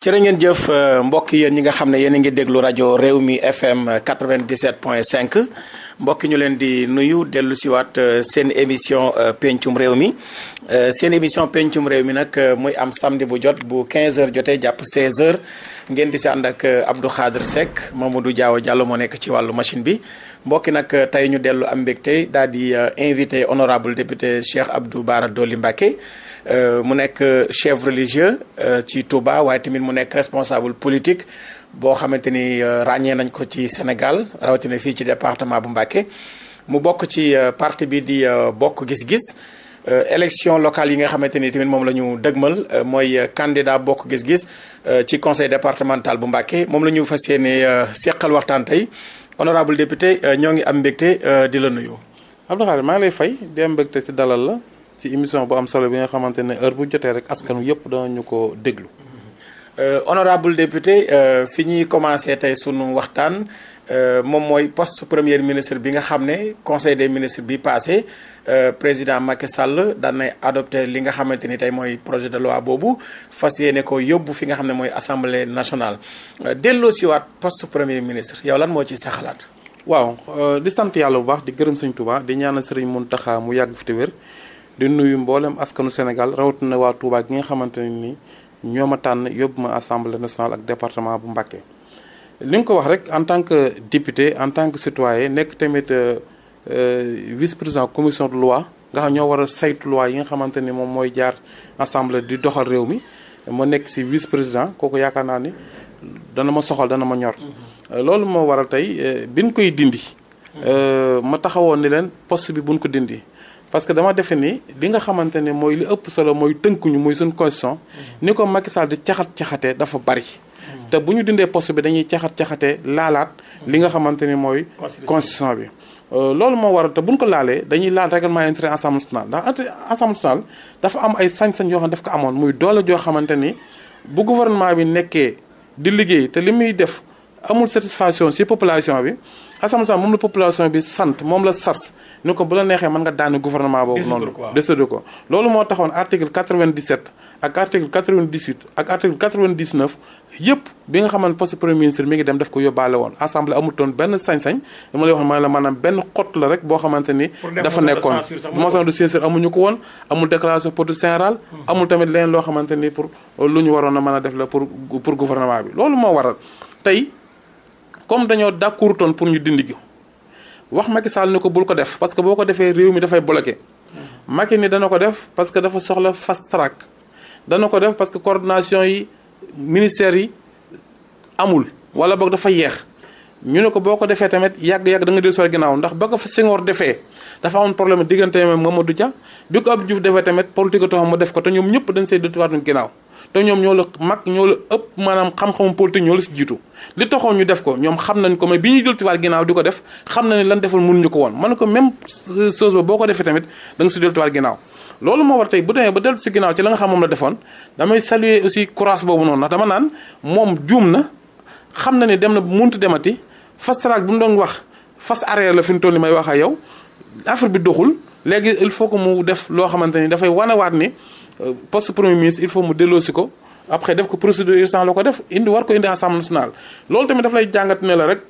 jërë ngeen jëf euh, mbokk yéen ñi nga xam ne yéen a ngi déglu rajo réew mi FM 97.5 mbokk ñu leen di nuyu dellu si waat euh, euh, seen émission pencum réew mi seen émission pencum réew mi nag muy am samedi bu jot bu 15h jotee jàpp 16h ngeen di si ànd ak Abdou Khadre Seck Mamadou Diaw Diallo moo nekk ci wàllu machine bi mbokki nag tey ñu dellu am mbégte daal di invité honorable député Cheikh Abdou Bara Dolly Mbacké. Euh, mu nekk chef religieux euh, ci Touba waaye tamit mu nekk responsable politique boo xamante ni euh, ràññee nañ ko ci Sénégal rawatina fii ci département bu Mbacké mu bokk ci parti bi di bokk gis-gis élection locale yi nga xamante ni tamit moom la ñu dëgmal mooy candidat bokk gis-gis ci conseil départemental bu Mbacké moom la ñu fas yéene seqal waxtaan tey honorable député ñoo ngi am mbégte di la nuyu. Abdou Khadre maa ngi lay fay di mbégte ci dalal la. si émission bu am solo bi nga xamante ne heure bu jotee rek askanu yëpp ñu ko déglu. Euh, honorable député euh, fi ñuy commencé tey sunu waxtaan euh, moom mooy poste premier ministre bi nga xam ne conseil des ministres bi passé président Macky Sall daan nay li nga xamante ni tey mooy projet de loi boobu fas yéene ko yóbbu fi nga xam ne mooy assemblée nationale delloo siwaat poste premier ministre yow lan moo ci sa xalaat. waaw di sant yàlla bu baax di gërëm sëñ Touba di ñaanal sëriñ Mountakha mu yàgg fi di nuyu mboolem askanu Sénégal rawatina waa Touba gi nga xamante ne ni ñoo ma tànn yóbbu ma assemblée nationale ak département bu Mbacké. li nga ko wax rek en tant que député en tant que citoyen nekk tamit euh, euh, vice président commission de loi nga xam ñoo war a saytu loi yi nga xamante ni moom mooy jaar assemblée di doxal réew mi ma nekk ci vice président kooku yaakaar naa ni dana ma soxal dana ma ñor. Mm-hmm. loolu moo waral tey euh, biñ koy dindi. ma taxawoon ni leen poste bi buñ ko dindi. parce que dama defe ni li nga xamante ne mooy li ëpp solo mooy tënkuñu muy suñ constitution ni ko Macky Sall di caxat-caxatee dafa bari te bu ñu dindee poste bi dañuy caxat-caxatee laalaat li nga xamante ni mooy constitution bi euh, loolu moo waral te bu buñ ko laalee dañuy laal règlement intérieur Assemblée nationale ndax entre Assemblée nationale dafa am ay sañ-sañ yoo xam ne daf ko amoon muy doole joo xamante ni bu gouvernement bi nekkee di liggéey te li muy def amul satisfaction ci population bi Assemblée nationale moom la population bi sant moom la sas ni ko bu la neexee mën nga daani gouvernement boobu noonu décide ko loolu moo taxoon article 97 ak article 98 ak article 99 yëpp bi nga xamante poste premier ministre mi ngi dem daf ko yóbbaale woon assemblée amutoon benn sañ-sañ li ma lay wax ma la maanaam benn xott la rek boo xamante ni dafa nekkoon motion de censure amuñu ko woon amul déclaration politique générale hmm. amul tamit leneen loo xamante ni pour lu waroon a a def la pour pour gouvernement bi loolu moo waral tey comme dañoo d'accord toon pour ñu dindi gi wax Macky Sall ni ko bul ko def parce que boo ko defee réew mi dafay bloqué Macky ni dana ko def parce que dafa soxla fast track dana ko def parce que coordination yi ministère yi amul wala boog dafa yeex ñu ne ko boo ko defee tamit yàgg-yàgg da nga dellu si ginnaaw ndax ba ko fa defee dafa amoon problème diggante moom Mamadou Dia bi ko Abdou Diouf defee tamit politique tax mu def ko te ñoom ñëpp dañ see dëttuwaat ginnaaw te ñoom ñoo la mag ñoo la ëpp maanaam xam-xamu politique ñoo la si jiitu li taxoon ñu def ko ñoom xam nañ ko mais bi ñuy deltuwaat ginnaaw di ko def xam na ne lan deful mënuñu ko woon man ko même chose ba boo ko defee tamit da nga si deltuwaat ginnaaw loolu moo war tey bu demee ba deltu si ginnaaw ci la nga xam moom la defoon damay saluer aussi courage boobu noonu ndax dama naan moom juum na xam na ne dem na muntu demati fast track bu mu doon wax fas arrière la fi mu toll nii may wax ak yow affaire bi doxul léegi il faut que mu def loo xamante ni dafay wanawaat ni Euh, poste premier ministre il faut mu delloosi ko après def ko procédure urgence la ko def indi war ko indi assemblée nationale. loolu tamit daf lay jàngat ne la rek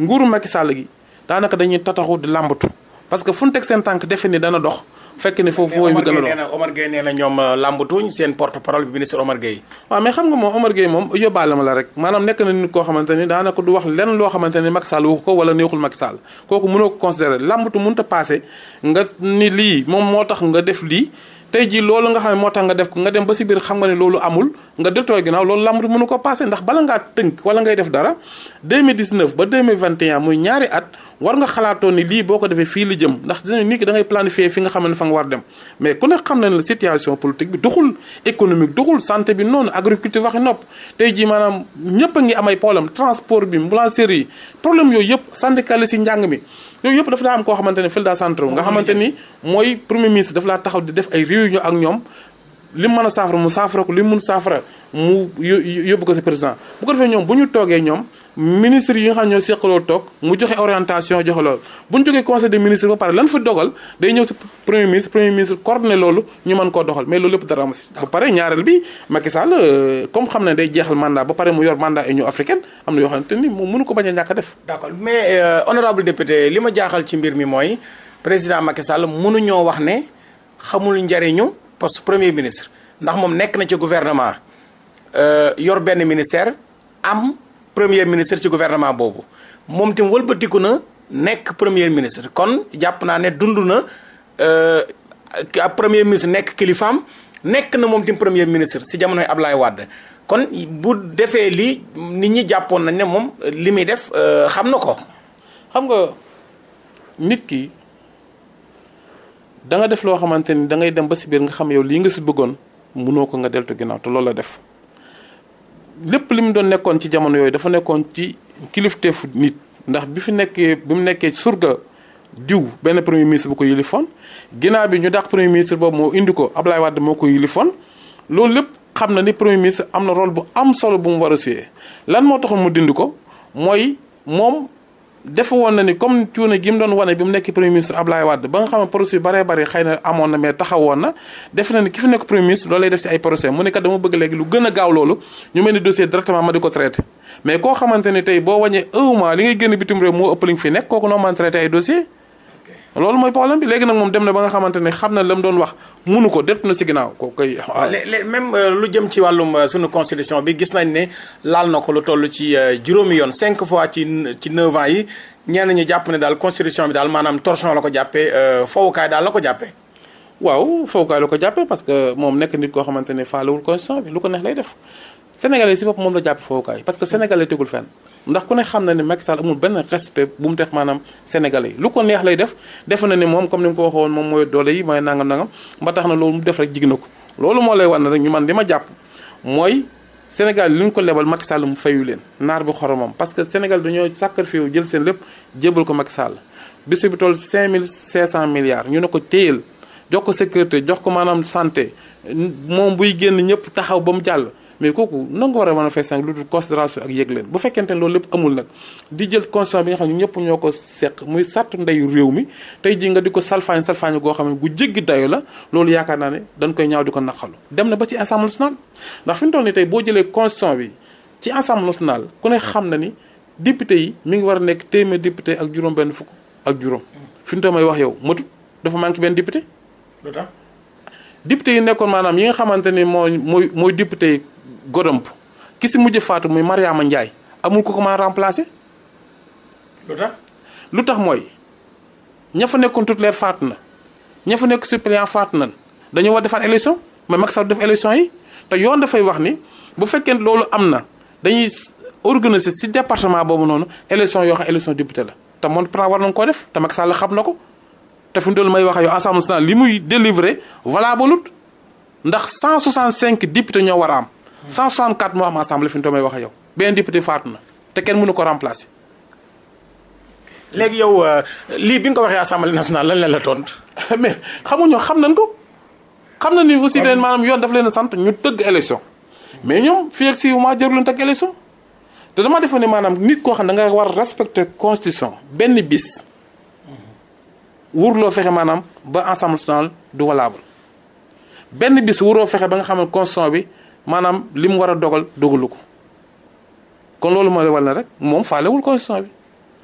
nguuru Macky Sall gi daanaka dañuy tataxu di làmbatu parce que fu ñu teg seen tànk defe ni dana dox. fekk ni foofu fooy. bi gën a na ñoom euh, làmbatuñ seen porte parole bi ministre mais xam nga moom Omar Gueye moom yóbbaale la rek maanaam nekk na koo xamante ni daanaka du wax loo xamante ni Macky Sall waxu ko wala neexul Macky Sall kooku mënoo ko considérer làmbatu mënut a paase nga ni lii moom moo tax nga def lii. tey jii loolu nga xam ne moo tax nga def ko nga dem ba si biir xam nga ne loolu amul nga deltooy ginnaaw loolu lamb mënu ko passé ndax bala ngaa tënk wala ngay def dara 2019 ba 2021 muy ñaari at war nga xalaatoon ni lii boo ko defee fii la jëm ndax dina nit ki da ngay planifier nga xam ne fa nga war dem mais ku ne xam na ne situation politique bi doxul économique doxul santé bi noonu agriculture waxi nopp tey jii maanaam ñëpp ngi am ay problème transport bi boulangerie yi problème yooyu yëpp syndicaliste yi njàng mi yooyu yëpp dafa daa am koo xamante ne fil daa centre nga xamante ni mooy premier ministre dafa laa taxaw di def ay réunion ak ñoom li mu mën a saafara mu saafara ko li mu mun saafara mu yóbbu ko sa président bu ko defee ñoom bu ñu toogee ñoom ministre yi nga xam ñoo seqaloo toog mu joxe orientation joxe loolu bu ñu jógee conseil des ministres ba pare lan fa dogal day ñëw si premier ministre premier ministre coordonné loolu ñu mën koo doxal mais loolu lépp dara amu si. ba pare ñaareel bi Macky Sall euh, comme xam ne day jeexal mandat ba pare mu yor mandat Union africaine am na yoo xamante ni mu mënu ko bañ a ñàkk a def. d'accord mais euh, honorable député li ma jaaxal ci mbir mi mooy président Macky Sall mënuñoo wax ne xamul njariñu poste premier ministre ndax moom nekk na ci gouvernement euh, yor benn ministère am. premier ministre ci gouvernement boobu moom tam wëlbatiku na nekk premier ministre kon jàpp naa ne dund na euh, ab premier ministre nekk kilifaam nekk na moom tim premier ministre si jamonoy Ablaye Wade kon bu defee lii nit ñi jàppoon nañ ne moom li muy def euh, xam na ko. xam nga nit ki danga def loo xamante ni da ngay dem ba si biir nga xam yow lii nga si bëggoon mënoo ko nga deltu ginnaaw te loolu la def. lépp li mu doon nekkoon ci jamono yooyu dafa nekkoon ci kilifteefu nit ndax bi fi nekkee bi mu nekkee surga diw benn premier ministre bu ko yilifoon ginaar bi ñu dàq premier ministre boobu moo indi ko Ablaye Wade moo ko yilifoon loolu lépp xam na ni premier ministre am na rôle bu am solo bu mu war a lan moo taxoon mu dindi ko mooy moom def woon na ni comme cuune gi mu doon wane bi mu nekk premier ministre Ablaye Wade ba nga xam ne procès yu baree bari na amoon na mais taxawoon na def na ni ki fi nekk premier ministre loolu lay def si ay procès mu ne kat dama bëgg léegi lu gën a gaaw loolu ñu mel ni dossier directement ma di ko traité mais koo xamante ni tey boo wàññee un mois li ngay génn bitim réew moo ëpp li nga fi nekk kooku noo mën ay dossier loolu mooy problème bi léegi nag moom dem na ba nga xamante ne xam na la mu doon wax munu ko dett na si ginnaaw ko koy. Ah, même euh, lu jëm ci wàllum euh, suñu constitution bi gis nañ ne laal na ko lu toll ci euh, juróomi yoon cinq fois ci ci neuf ans yi ñenn ñu jàpp ne daal constitution bi daal maanaam torsion la ko jàppee fowukaay daal la ko jàppee. waaw fowukaay la ko jàppee parce que moom nekk nit koo xamante ne faalewul constitution bi lu ko neex lay def. sénégalais si bopp moom la jàpp foofukaay parce que sénégalais tegul fenn ndax ku ne xam na ne Macky Sall amul benn respect bu mu def maanaam sénégalais yi lu ko neex lay def def na ne moom comme ni mu ko waxoon moom mooy doole yi mooy nangam nangam ba tax na loolu mu def rek jig na ko loolu moo lay wan rek ñu man li ma jàpp mooy Sénégal li ñu ko lebal Macky Sall mu fayu leen naar bu xoromam parce que Sénégal dañoo sacrifié jël seen lépp jébal ko Macky Sall bis bi toll 5500 milliards ñu ne ko téyel jox ko sécurité jox ko maanaam santé moom buy génn ñëpp taxaw ba mu jàll mais kooku nan nga war a manifester lu dul considération ak yëg leen bu fekkente ne loolu lépp amul nag di jël constitution bi nga xam ne ñëpp ñoo ko seq muy sàtt ndeyu réew mi tey jii nga di ko salfaañ salfaañ goo xam ne gu jéggi dayo la loolu yaakaar naa ne dañ koy ñaaw di ko naqalu dem na ba ci assemblée nationale ndax fi mu toll nii tey boo jëlee constitution bi ci assemblée nationale ku ne xam na ni député yi mi ngi war a nekk téeméer député ak juróom benn fukk ak juróom fi mu toll may wax yow matut dafa manqué benn député député yi nekkoon maanaam yi nga xamante ni mooy mooy mooy député yi Godomp ki si mujj faatu muy Mariama Ndiaye amul ko ko ma a remplacer. lu tax mooy ña fa nekkoon titulaire faatu na ña fa nekk suppléant faatu na dañoo war defaat élection mais Macky Sall def élection yi te yoon dafay wax ni bu fekkee loolu am na dañuy organiser si departement boobu noonu élection yoo xam élection député la te moom war nañu koo def te Macky Sall xam na ko te fi mu may wax ak yow Assemblée nationale li muy délivrer valable ndax 165 député ñoo war a am. cent 164 moo am assemblée fi ñu toog may wax ak yow benn député faatu na te kenn mënu ko remplacer. léegi yow euh, lii bi nga ko waxee assemblée nationale lan la la tontu. mais xamuñu xam nañ ko. xam nañ ni aussi dañ maanaam yoon daf leen a sant ñu tëgg élection. mais ñoom fii ak si wu ma jëru tëgg élection. te dama defoon ne maanaam nit koo xam ne da nga war respecte constitution benn bis. wurloo fexe maanaam ba assemblée nationale du valable benn bis wuroo fexe ba nga xam ne bi. maanaam li mu war a dogal dogalu ko kon loolu mooy wal na rek moom faalewul constitution bi.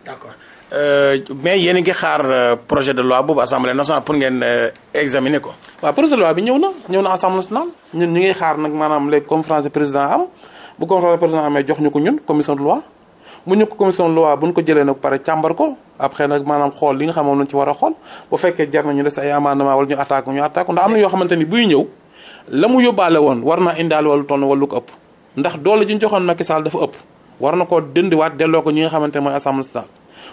d'accord euh, mais yéen a ngi xaar euh, projet de loi boobu assemblée nationale pour ngeen euh, examiner ko. waaw projet de loi bi ñëw na ñëw na assemblée nationale ñun ñu ngi xaar nag maanaam les conférence de président am bu conférence de président amee jox ñu ko ñun commission de loi. mu ñu ko commission loi bu ñu ko jëlee nag pare càmbar ko après nag maanaam xool li nga xam moom lañ a xool bu fekkee jar na ñu def ay amendement wala am na yoo xamante ni buy ñëw. la mu yóbbaale woon war naa indaal walu tonn walu ko ëpp ndax doole ji ñu joxoon Macky dafa ëpp war na ko dëndiwaat delloo ko ñi nga xamante mooy assemblée nationale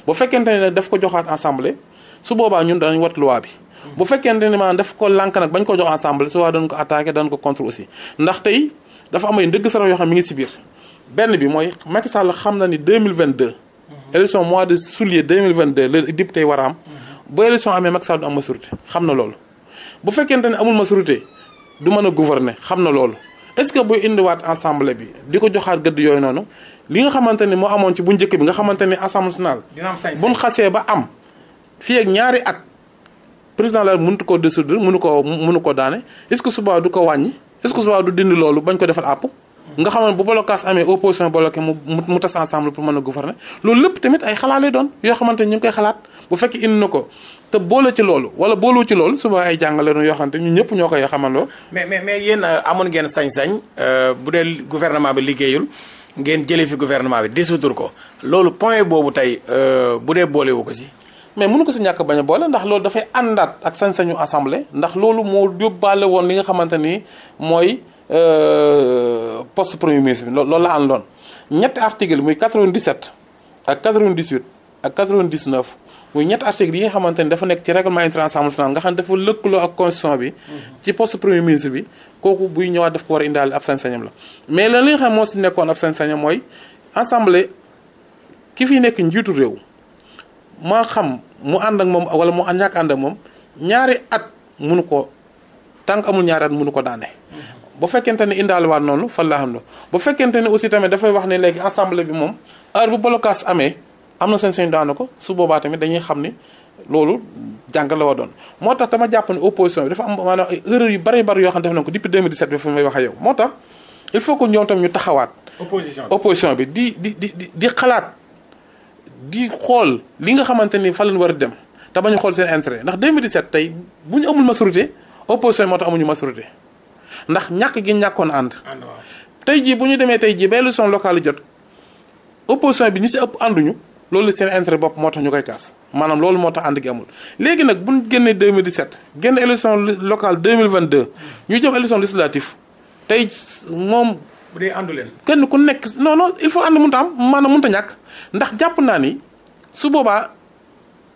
bu fekkente ne daf ko joxaat assemblée su boobaa ñun danañ wat loi bi bu fekkente ne maanaam daf ko lànk nag bañ ko jox assemblée su waa dañ ko attaqué dañ ko contre aussi ndax tey dafa am ay ndëgg sarax yoo xam mi ngi si biir benn bi mooy Macky Sall xam na ni deux élection mois de juillet 2022 la député war a am bu élection amee Macky Sall du am majorité xam na loolu bu fekkente ne amul majorité du mën a gouverner xam na loolu est-ce que buy indiwaat assemblée bi di ko joxaat gëdd yooyu noonu li nga xamante ni moo amoon ci bu njëkk bi nga xamante ni assemblée nationale. dina am sañ-sañ bu mu xasee ba am fii ak ñaari at président la mënut koo dissoudre mënu koo mënu ko daane est-ce que suba du ko wàññi est suba du dindi loolu bañ ko defal àpp. nga xam ne bu blocage amee opposition bloqué mu mu tas ensemble pour mën a gouverner loolu lépp tamit ay xalaat lay doon yoo xamante ni ñu ngi koy xalaat bu fekkee indi na ko te boole ci loolu wala boolu ci loolu suba ay jàngaleenu yoo xamante ñun ñëpp ñoo koy xamandoo. mais mais mais yéen euh, amoon ngeen sañ-sañ euh, bu dee gouvernement bi liggéeyul ngeen jëlee fi gouvernement bi dissoudre ko loolu point boobu tey euh, bu dee boolewu ko si. mais munu ko si ñàkk bañ a boole ndax loolu dafay àndaat ak sañ-sañu assemblée ndax loolu moo yóbbaale woon li nga xamante ni mooy poste premier ministre bi loolu la àndoon ñetti article muy 97 ak 98 ak 99. muy ñetti article yi nga xamante ne dafa nekk ci règlement intérieur assemblée nationale nga xam ne dafa lëkkaloo ak constitution bi. ci poste premier ministre bi kooku buy ñëwaat daf ko war a indaale ab sañ la. mais lan li xam moo si nekkoon ab sañ-sañam mooy assemblée ki fi nekk njiitu réew maa xam mu ànd ak moom wala mu ñàkk ànd ak moom ñaari at munu ko tànk amul ñaari at munu ko daane. bu fekkente ne indaal waat noonu fan laa xam ne bu fekkente ne aussi tamit dafay wax ne léegi assemblée bi moom heure bu blocage amee. am na sañ-sañ daanu ko su boobaa dañuy xam ni loolu jàngal la war doon moo tax ma jàpp ne opposition bi dafa am maanaam ay erreur yu bari bari yoo xam ne def nañ ko depuis 2017 bi fu may wax ak moo tax il faut que ñoom tam ñu taxawaat. opposition bi opposition bi di di di di xalaat di xool li nga xamante ni fa lañ war a dem te ba ñu xool seen intérêt ndax 2017 tey bu ñu amul maturité opposition bi moo tax amuñu maturité ndax ñàkk gi ñàkkoon ànd. ànd tey jii bu ñu demee tey jii ba élection locale yi jot opposition bi ñi si ëpp ànduñu. loolu seen intérêt bopp moo tax ñu koy kaas maanaam loolu moo tax ànd gi amul. léegi nag bu ñu génnee 2017 génn élection locale 2022 ñu jëm élection législative tey moom. bu dee àndu leen. kenn ku nekk non non il faut ànd mënta am maanaam mënta ñàkk ndax jàpp naa ni su boobaa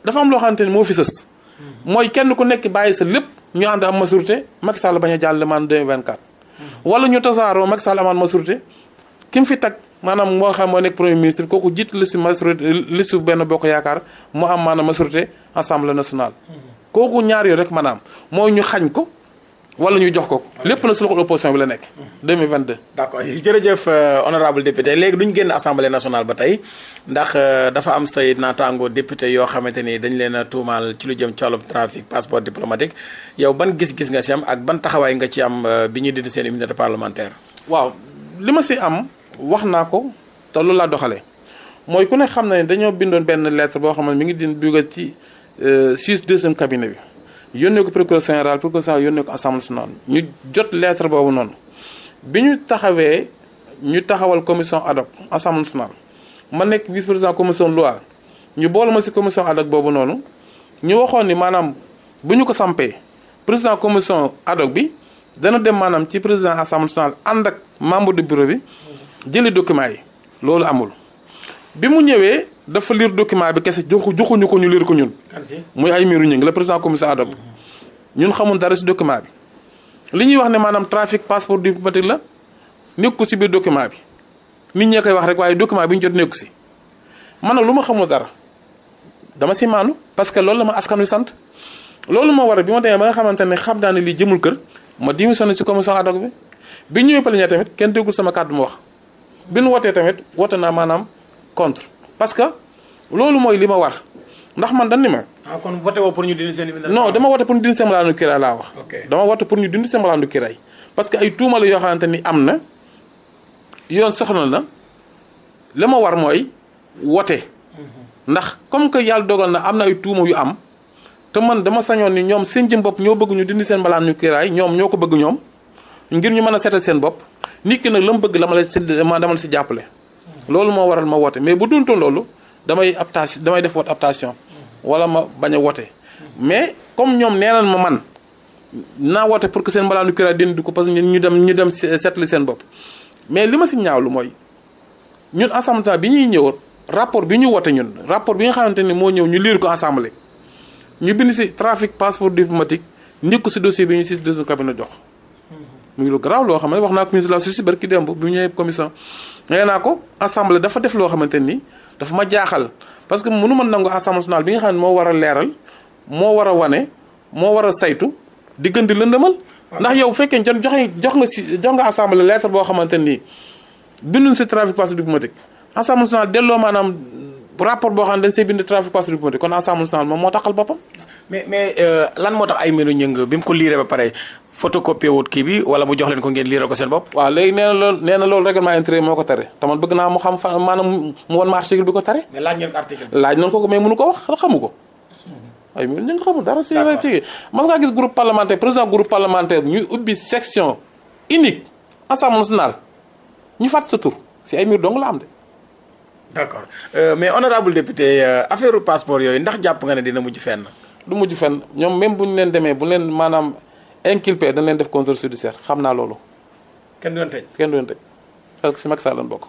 dafa am loo xamante ni moo fi sës. Hmm. mooy kenn ku nekk bàyyi sa lépp ñu ànd am majorité Macky Sall bañ a jàll maan 2024. Hmm. wala ñu tasaaroo Macky Sall amaat majorité ki mu fi tag maanaam moo xam moo nekk premier ministre kooku jiit liste majorité liste benn bokk yaakaar mu am maanaam majorité assemblée nationale. kooku ñaar yooyu rek maanaam mooy ñu xañ ko. wala ñu jox ko lépp na su loxol opposition bi la nekk. 2022. d' accord jërëjëf euh, honorable député léegi duñ génn assemblée nationale ba tey ndax euh, dafa am say naataango député yoo xamante ni dañ leen a tuumaal ci lu jëm ci wàllum trafic passeport diplomatique yow ban gis-gis nga si am ak ban taxawaay nga ci am euh, bi ñuy dindi seen immunité parlementaire. waaw li ma si am wax naa ko te loolu laa doxalee mooy ku ne xam na ne dañoo bindoon benn lettre boo xam ne mu ngi di dugal ci euh, suisse deuxième cabinet bi yónnee ko procureur général procureur général yónnee ko assemblée nationale ñu jot lettre boobu noonu bi ñu taxawee ñu taxawal commission ad hoc assemblée ma nekk vice président commission loi ñu boole ma si commission ad boobu noonu ñu waxoon ni maanaam bu ñu ko sampee président commission ad hoc bi dana dem maanaam ci président assemblée nationale ànd ak membre de bureau bi jëli document yi loolu amul bi mu ñëwee dafa liir document bi kese joxu joxuñu ko ñu liir ko ñun. muy ay miiru ñu ngi la président commission ad hoc mm-hmm. ñun xamul dara si document bi. li ñuy wax ne maanaam trafic passeport diplomatique la nekku si biir document bi nit ñee koy wax rek waaye document bi ñu jot nekku si man lu ma xamul dara dama si maanu parce que loolu la ma askan wi sant. loolu moo waral bi ma demee ba nga xamante ne xam naa ne lii jëmul kër ma démissionné si commission ad hoc bi bi ñëwee plénière tamit kenn déggul sama kàddu ma wax. bi nu wootee tamit woote naa maanaam contre parce que loolu mooy li ma war ndax man dañ ni ma. ah kon voté woo pour ñu dindi seen non dama wote pour ñu dindi seen malaanu kiraay laa wax. dama wote pour ñu dindi seen malaanu kiraay parce que ay tuuma la ni am na yoon soxla na li ma war mooy wote. Mhm. ndax comme que yàlla dogal na am na ay tuuma yu am te man dama sañoon ni ñoom seen jëm bopp ñoo bëgg ñu dindi seen malaanu kiraay ñoom ñoo ko bëgg ñoom ngir ñu mën a seetal seen bopp. nikki nag la mu bëgg dama la si dama la si jàppale. loolu moo waral ma woote mais bu duntoon loolu damay aptation damay def woot aptation wala ma bañ a woote. mais comme ñoom nee ma man naa woote pour que seen mbalaanu kira dindi ko parce que ñu dem ñu dem seetlu seen bopp. mais li ma si ñaawlu mooy ñun assemblée bi ñuy ñëw rapport bi ñu woote ñun rapport bi nga xamante ni moo ñëw ñu liir ko assemblée ñu bind si trafic passeport diplomatique nekk si dossier bi si dossier cabinet jox. muy lu garaaw loo xam ne wax naa ko ministre de la justice barki démb bi mu naa ko assemblée dafa def loo xamante nii dafa ma jaaxal parce que mënu ma nangu assemblée nationale bi nga xam ne moo war a leeral moo war a wane moo war a saytu di gën di lëndëmal. ndax yow bu fekkee jon joxe jox nga si jox nga assemblée lettre boo xamante ni binduñ si trafic passe diplomatique. assemblée nationale delloo maanaam rapport boo xam ne dañ see bind trafic passe diplomatique kon assemblée nationale moom moo taxal boppam. mais mais euh, lan moo tax ay mbiru ñëng bi mu ko liiree ba pare photocopier wut kii bi wala mu jox leen ko ngeen liiree ko seen bopp. waaw léegi nee na loolu nee na loolu moo ko tare te man bëgg naa mu xam fan maanaam mu won ma article bi ko tare. mais laaj ngeen ko laaj nañ ko ko mais mënu ko wax xamu ko. Hmm. ay mbiru si. d'accord ci ngaa gis groupe parlementaire président groupe parlementaire ubbi section unique assemblée nationale ñu fàtt sa tur si ay mbiru dong la am de. d'accord euh, mais honorable député euh, affaire passeport yooyu ndax jàpp nga ne dina mujj feen na du mujj fenn ñoom même bu ñu leen demee bu leen maanaam inculpé dañ leen def contrôle judiciaire xam naa loolu. kenn du leen tëj kenn du leen tëj parce que si Macky Sall lañ bokk.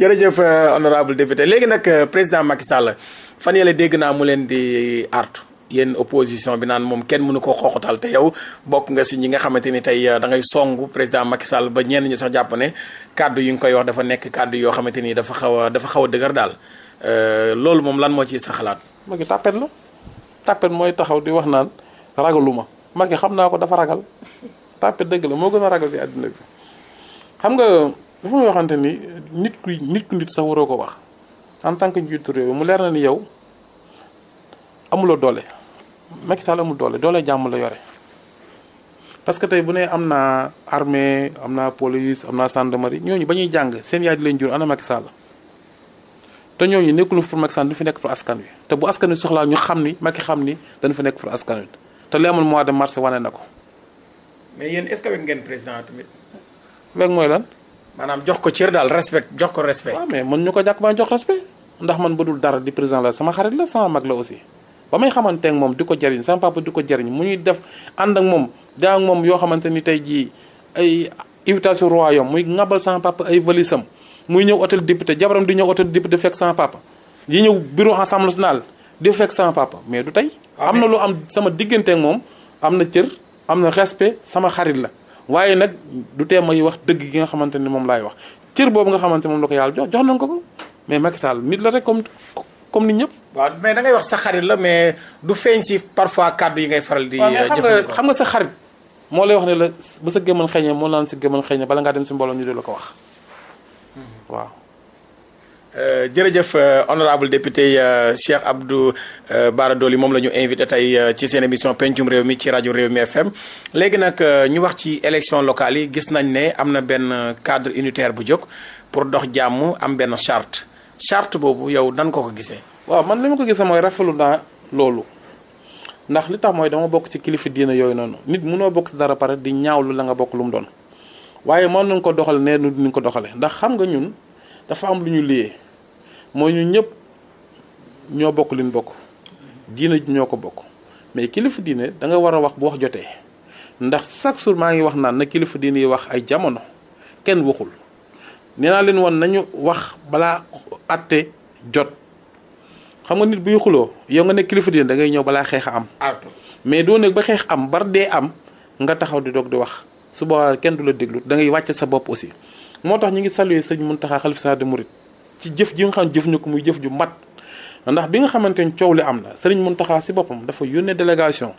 jërëjëf euh, léegi nag euh, président Macky Sall fan yële dégg naa mu leen di art yenn opposition bi naan moom kenn nu ko xooxatal te yow bokk nga si ñi nga xamante ni tey euh, dangay ngay songu président Macky Sall ba ñenn ñi sax jàpp ne kàddu yi nga koy wax dafa nekk kàddu yoo xamante ni dafa xaw a dafa xaw a dëgër daal loolu moom lan moo ci sa xalaat. Macky tàppet la tàppet mooy taxaw di wax naan ragaluma Macky xam naa ko dafa ragal tàppet dëgg la moo gën a ragal ci àddina bi xam nga dafa may waxante ni nit ku nit ku nit sax waroo ko wax en tant que njiitu réew mu leer na ni yow amuloo doole Macky Sall amul doole doole jàmm la yore parce que tey bu ne am naa armée am naa police am naa gendarmerie ñooñu ba ñuy jàng seen yaay di leen jur ana Macky Sall te ñooñu nekkul pour Macky Sall dañu fi nekk pour askan wi te bu askan wi soxlaa ñu xam ni Macky xam ni dañu fa nekk pour askan wi te li amul mois de mars wane na ko. mais yéen est-ce que ngeen président tamit. wegg mooy lan. maanaam jox ko cër daal respect jox ko respect. mais man ñu ko jàkk ba jox respect ndax man ba dul dara di président la sama xarit la sama mag la aussi. ba may xamante ak moom di ko jariñ sama papa di ko jariñ mu ñuy def ànd ak moom daa moom yoo xamante ni tey jii ay invitation royaume muy ngabal sama papa ay valisam muy ñëw hôtel député jabaram di ñëw hôtel député fekk sama papa di ñëw bureau assemblée nationale di fekk sama papa mais du tey ah, am na lu am sama digganteek moom am na cër am na respect sama xarit la waaye nag du tee may wax dëgg gi nga xamante ni moom laay wax cër boobu nga xamante moom la ko yàlla jox jox nañ ko ko mais Macky Sall nit la rek comme comme nit ñëpp waaw mais da ngay wax sa xarit la mais du feeñ si parfois kàddu yi ngay faral di jëfandikoo xam nga sa xarit moo lay wax ne la bu sa gémmal xëy na moo naan bala ngaa dem si mbooloo ñu di la ko wax waaw. Euh, jërëjëf euh, honorable député euh, Cheikh Abdou Bara Dolly moom la ñu invité tey ci seen émission pencum réew mi ci rajo réew mi FM léegi nag ñu wax ci élection locale yi gis nañ ne am na benn cadre unitaire bu jóg pour dox jàmm am benn charte charte boobu yow dan ko ko gisee. waaw man li ma ko gisee mooy rafetlu naa loolu ndax li tax mooy dama bokk ci kilifa diina yooyu noonu nit munoo bokk dara pare di ñaawlu la nga bokk lu mu doon. waaye mën nañ ko doxal nee nañ ko doxale ndax xam nga ñun dafa am lu ñu liyee mooy ñun ñëpp ñoo bokk liñ bokk diine ji ñoo ko bokk mais kilifa diine da nga war a wax bu wax jotee ndax chaque jour maa ngi wax naan na kilifa diine yi wax ay jamono kenn waxul nee naa leen woon nañu wax balaa atte jot xam nga nit buy xuloo yow nga ne kilifa diine da ngay ñëw balaa xeex a am mais doo nekk ba xeex am bar dee am nga taxaw di dog di wax su boobaa kenn du la déglu da ngay wàcce sa bopp aussi moo tax ñu ngi saluer sëñ taxaa xalifa général des mourides ci jëf ji nga xam jëf ñu ko muy jëf ju mat ndax bi nga xamante ni coow li am na sëriñ Mountakha si boppam dafa yónnee délégation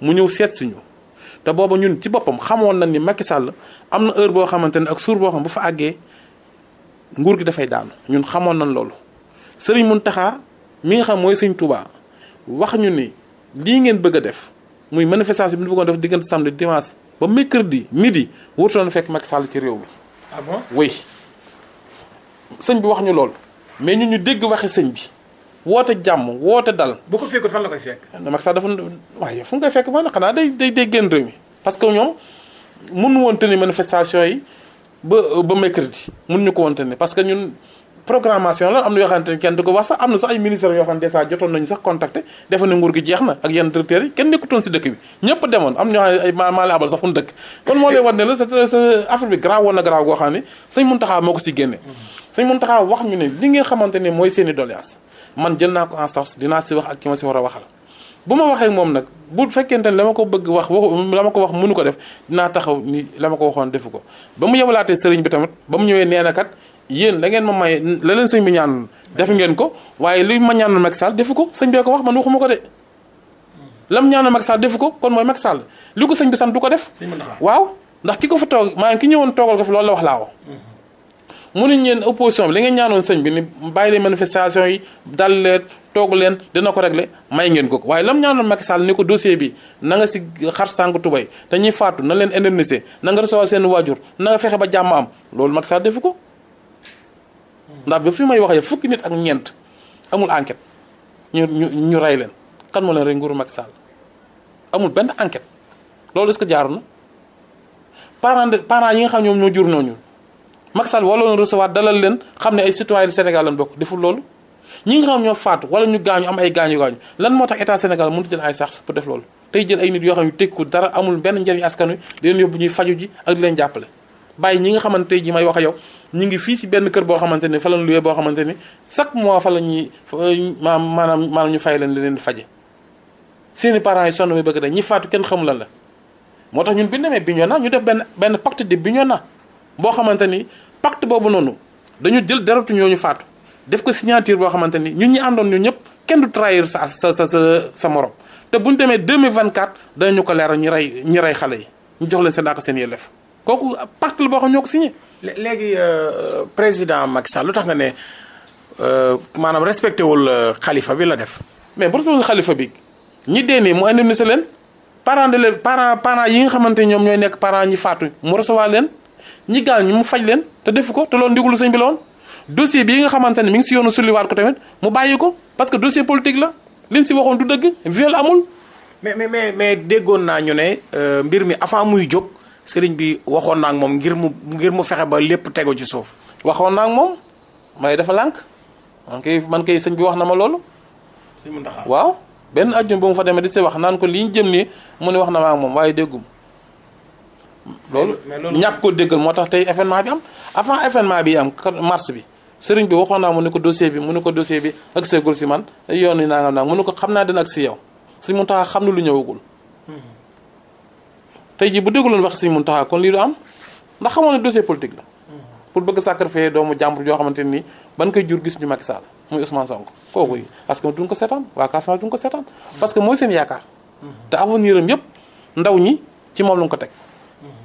mu ñëw seet suñu te booba ñun ci boppam xamoon na ni Macky Sall am na heure boo xamante ne ak suur boo xam bu fa àggee nguur gi dafay daanu ñun xamoon nañ loolu sëriñ mun taxaa mi nga xam mooy sëñ Touba wax ñu ni lii ngeen bëgg a def muy manifestation bi ñu bëggoon def diggante samedi dimanche ba mercredi midi wurtoon fekk Macky Sall ci réew mi. ah bon oui sëñ bi wax ñu lool mais ñu ñu dégg waxi sëñ bi woote jàmm woote dal. bu ko fekkut fan la koy fekk. Macky Sall dafa waaye fu mu koy fekk maanaam xanaa day day day génn réew mi parce que ñoom mënu woon te ni manifestation yi ba ba mercredi mënuñu ko woon te ni parce que ñun. programmation la am na yoo xamante ne kenn du ko wax sax am na sax ay ministères yoo xamante ne sax jotoon nañu sax contacter defe na nguur gi jeex na ak yenn directeurs yi kenn nekkutoon si dëkk bi ñëpp demoon am na ne ay maa la abal sax fu mu dëkk kon moo lay xamante ne mooy seen i doléance man naa ko en charge dinaa si wax ak ki ma war a waxal moom nag bu fekkente ne la ma ko bëgg wax waxu la ma ko wax mënu ko def dinaa taxaw ni la ma ko waxoon defu ko ba mu yebalaatee sëriñ bi tamit ba mu ñëwee nee na kat yéen da ngeen ma may la leen sëñ bi ñaan def ngeen ko waaye li ma ñaanal Macky Sall defu ko sëñ bee ko wax man waxuma ko de. lam ñaanal mag Sall defu ko kon mooy mag Sall li ko sëñ bi sant du ko def. waaw ndax ki ko fa toog maanaam ki ñëwoon toogal ko fi loolu la wax mm-hmm. mu ne ñeen opposition li ngeen ñaanoon sëñ bi ni bàyyi leen manifestation yi dal leen toog leen dina ko régler may ngeen ko waaye lam ñaanoon mag Sall ni ko dossier bi nanga si xar sànq tubay te ñuy faatu na leen indemniser na nga recevoir seen waajur na fexe ba jàmm am loolu Macky Sall defu ko. ndax ba fi may waxee fukki nit ak ñeent amul enquête ñu ñu ñu rey leen kan moo leen rey nguuru Macky Sall amul benn enquête loolu est-ce que jaaru na parents parents yi nga xam ñoom ñoo jur ñooñu Macky Sall wala leen xam ne ay citoyen du Sénégal bokk deful loolu ñi nga xam ñoo faatu wala ñu gaañu am ay gaañu gaañu lan moo tax état Sénégal mënut jël ay sax pour def loolu tey jël ay nit yoo xam ne teg ko dara amul benn njëriñ askan wi di leen ñuy faju ji ak di leen jàppale. bàyyi ñi nga xamante tey ji may wax a yow ñu ngi fii si benn kër boo xamante ne fa lañ luwee boo xamante ni chaque mois fa la ñuy euh, maanaam maanaam ñu fay leen leen faje seeni parents yi sonn mi bëgg da ñi faatu kenn xamu lan la moo tax ñun bi ñu demee Bignona ñu def benn benn pacte de Bignona boo xamante ni pacte boobu noonu dañu jël deretu ñooñu faatu def ko signature boo xamante ni ñun ñi àndoon ñun ñëpp kenn du trahir sa sa sa sa morom te bu ñu demee 2024 dañu ko leeral ñi rey ñi rey xale yi ñu jox leen seen àq seen yelleef kooku pacte la boo xam ñoo ko signé. léegi euh, président Macky Sall lu tax nga ne euh, maanaam respecté wul euh, xalifa bi la def. mais bu respecté xalifa bi ñi dee nii mu indemnisé leen parents de parents parents yi nga xamante ñoom ñooy nekk parents ñi faatu mu recevoir leen ñi gaañ ñi mu faj leen te defu ko te loolu ndigalu sëñ bi la woon dossier bii nga xamante ne mi ngi si yoonu sulliwaat ko tamit mu bàyyi ko parce que dossier politique la liñ si waxoon du dëgg viol amul. mais mais mais déggoon naa ñu ne mbir mi avant muy jóg. sëriñ bi waxoon naa ak moom ngir mu ngir mu fexe ba lépp tego ci suuf. waxoon naa ak moom may dafa lànk man kay man kay sëñ bi wax na ma loolu. waaw benn ajjum bu mu fa demee di si wax naan ko li ñu jëm nii mu ne wax na ma ak moom waaye déggum loolu ñàkk ko déggal moo tax tey événement bi am avant événement bi am mars bi sëriñ bi waxoon naa mu ne ko dossier bi mu ne ko dossier bi ak seegul si man yoon yi naa nga naa mu ne ko xam naa den ak si yow si mu tax xam na lu ñëwagul tey jii bu dégguloon wax si mun taxaa kon lii du am ndax xamoon ne dossier politique la pour bëgg sacrifier doomu jàmbur yoo xamante ni ban koy jur gis ñu Macky Sall muy Ousmane Sonko kooku parce que duñ ko seetaan waa Casamance duñ ko seetaan parce que mooy seen yaakaar te avenir am yëpp ndaw ñi ci moom ko teg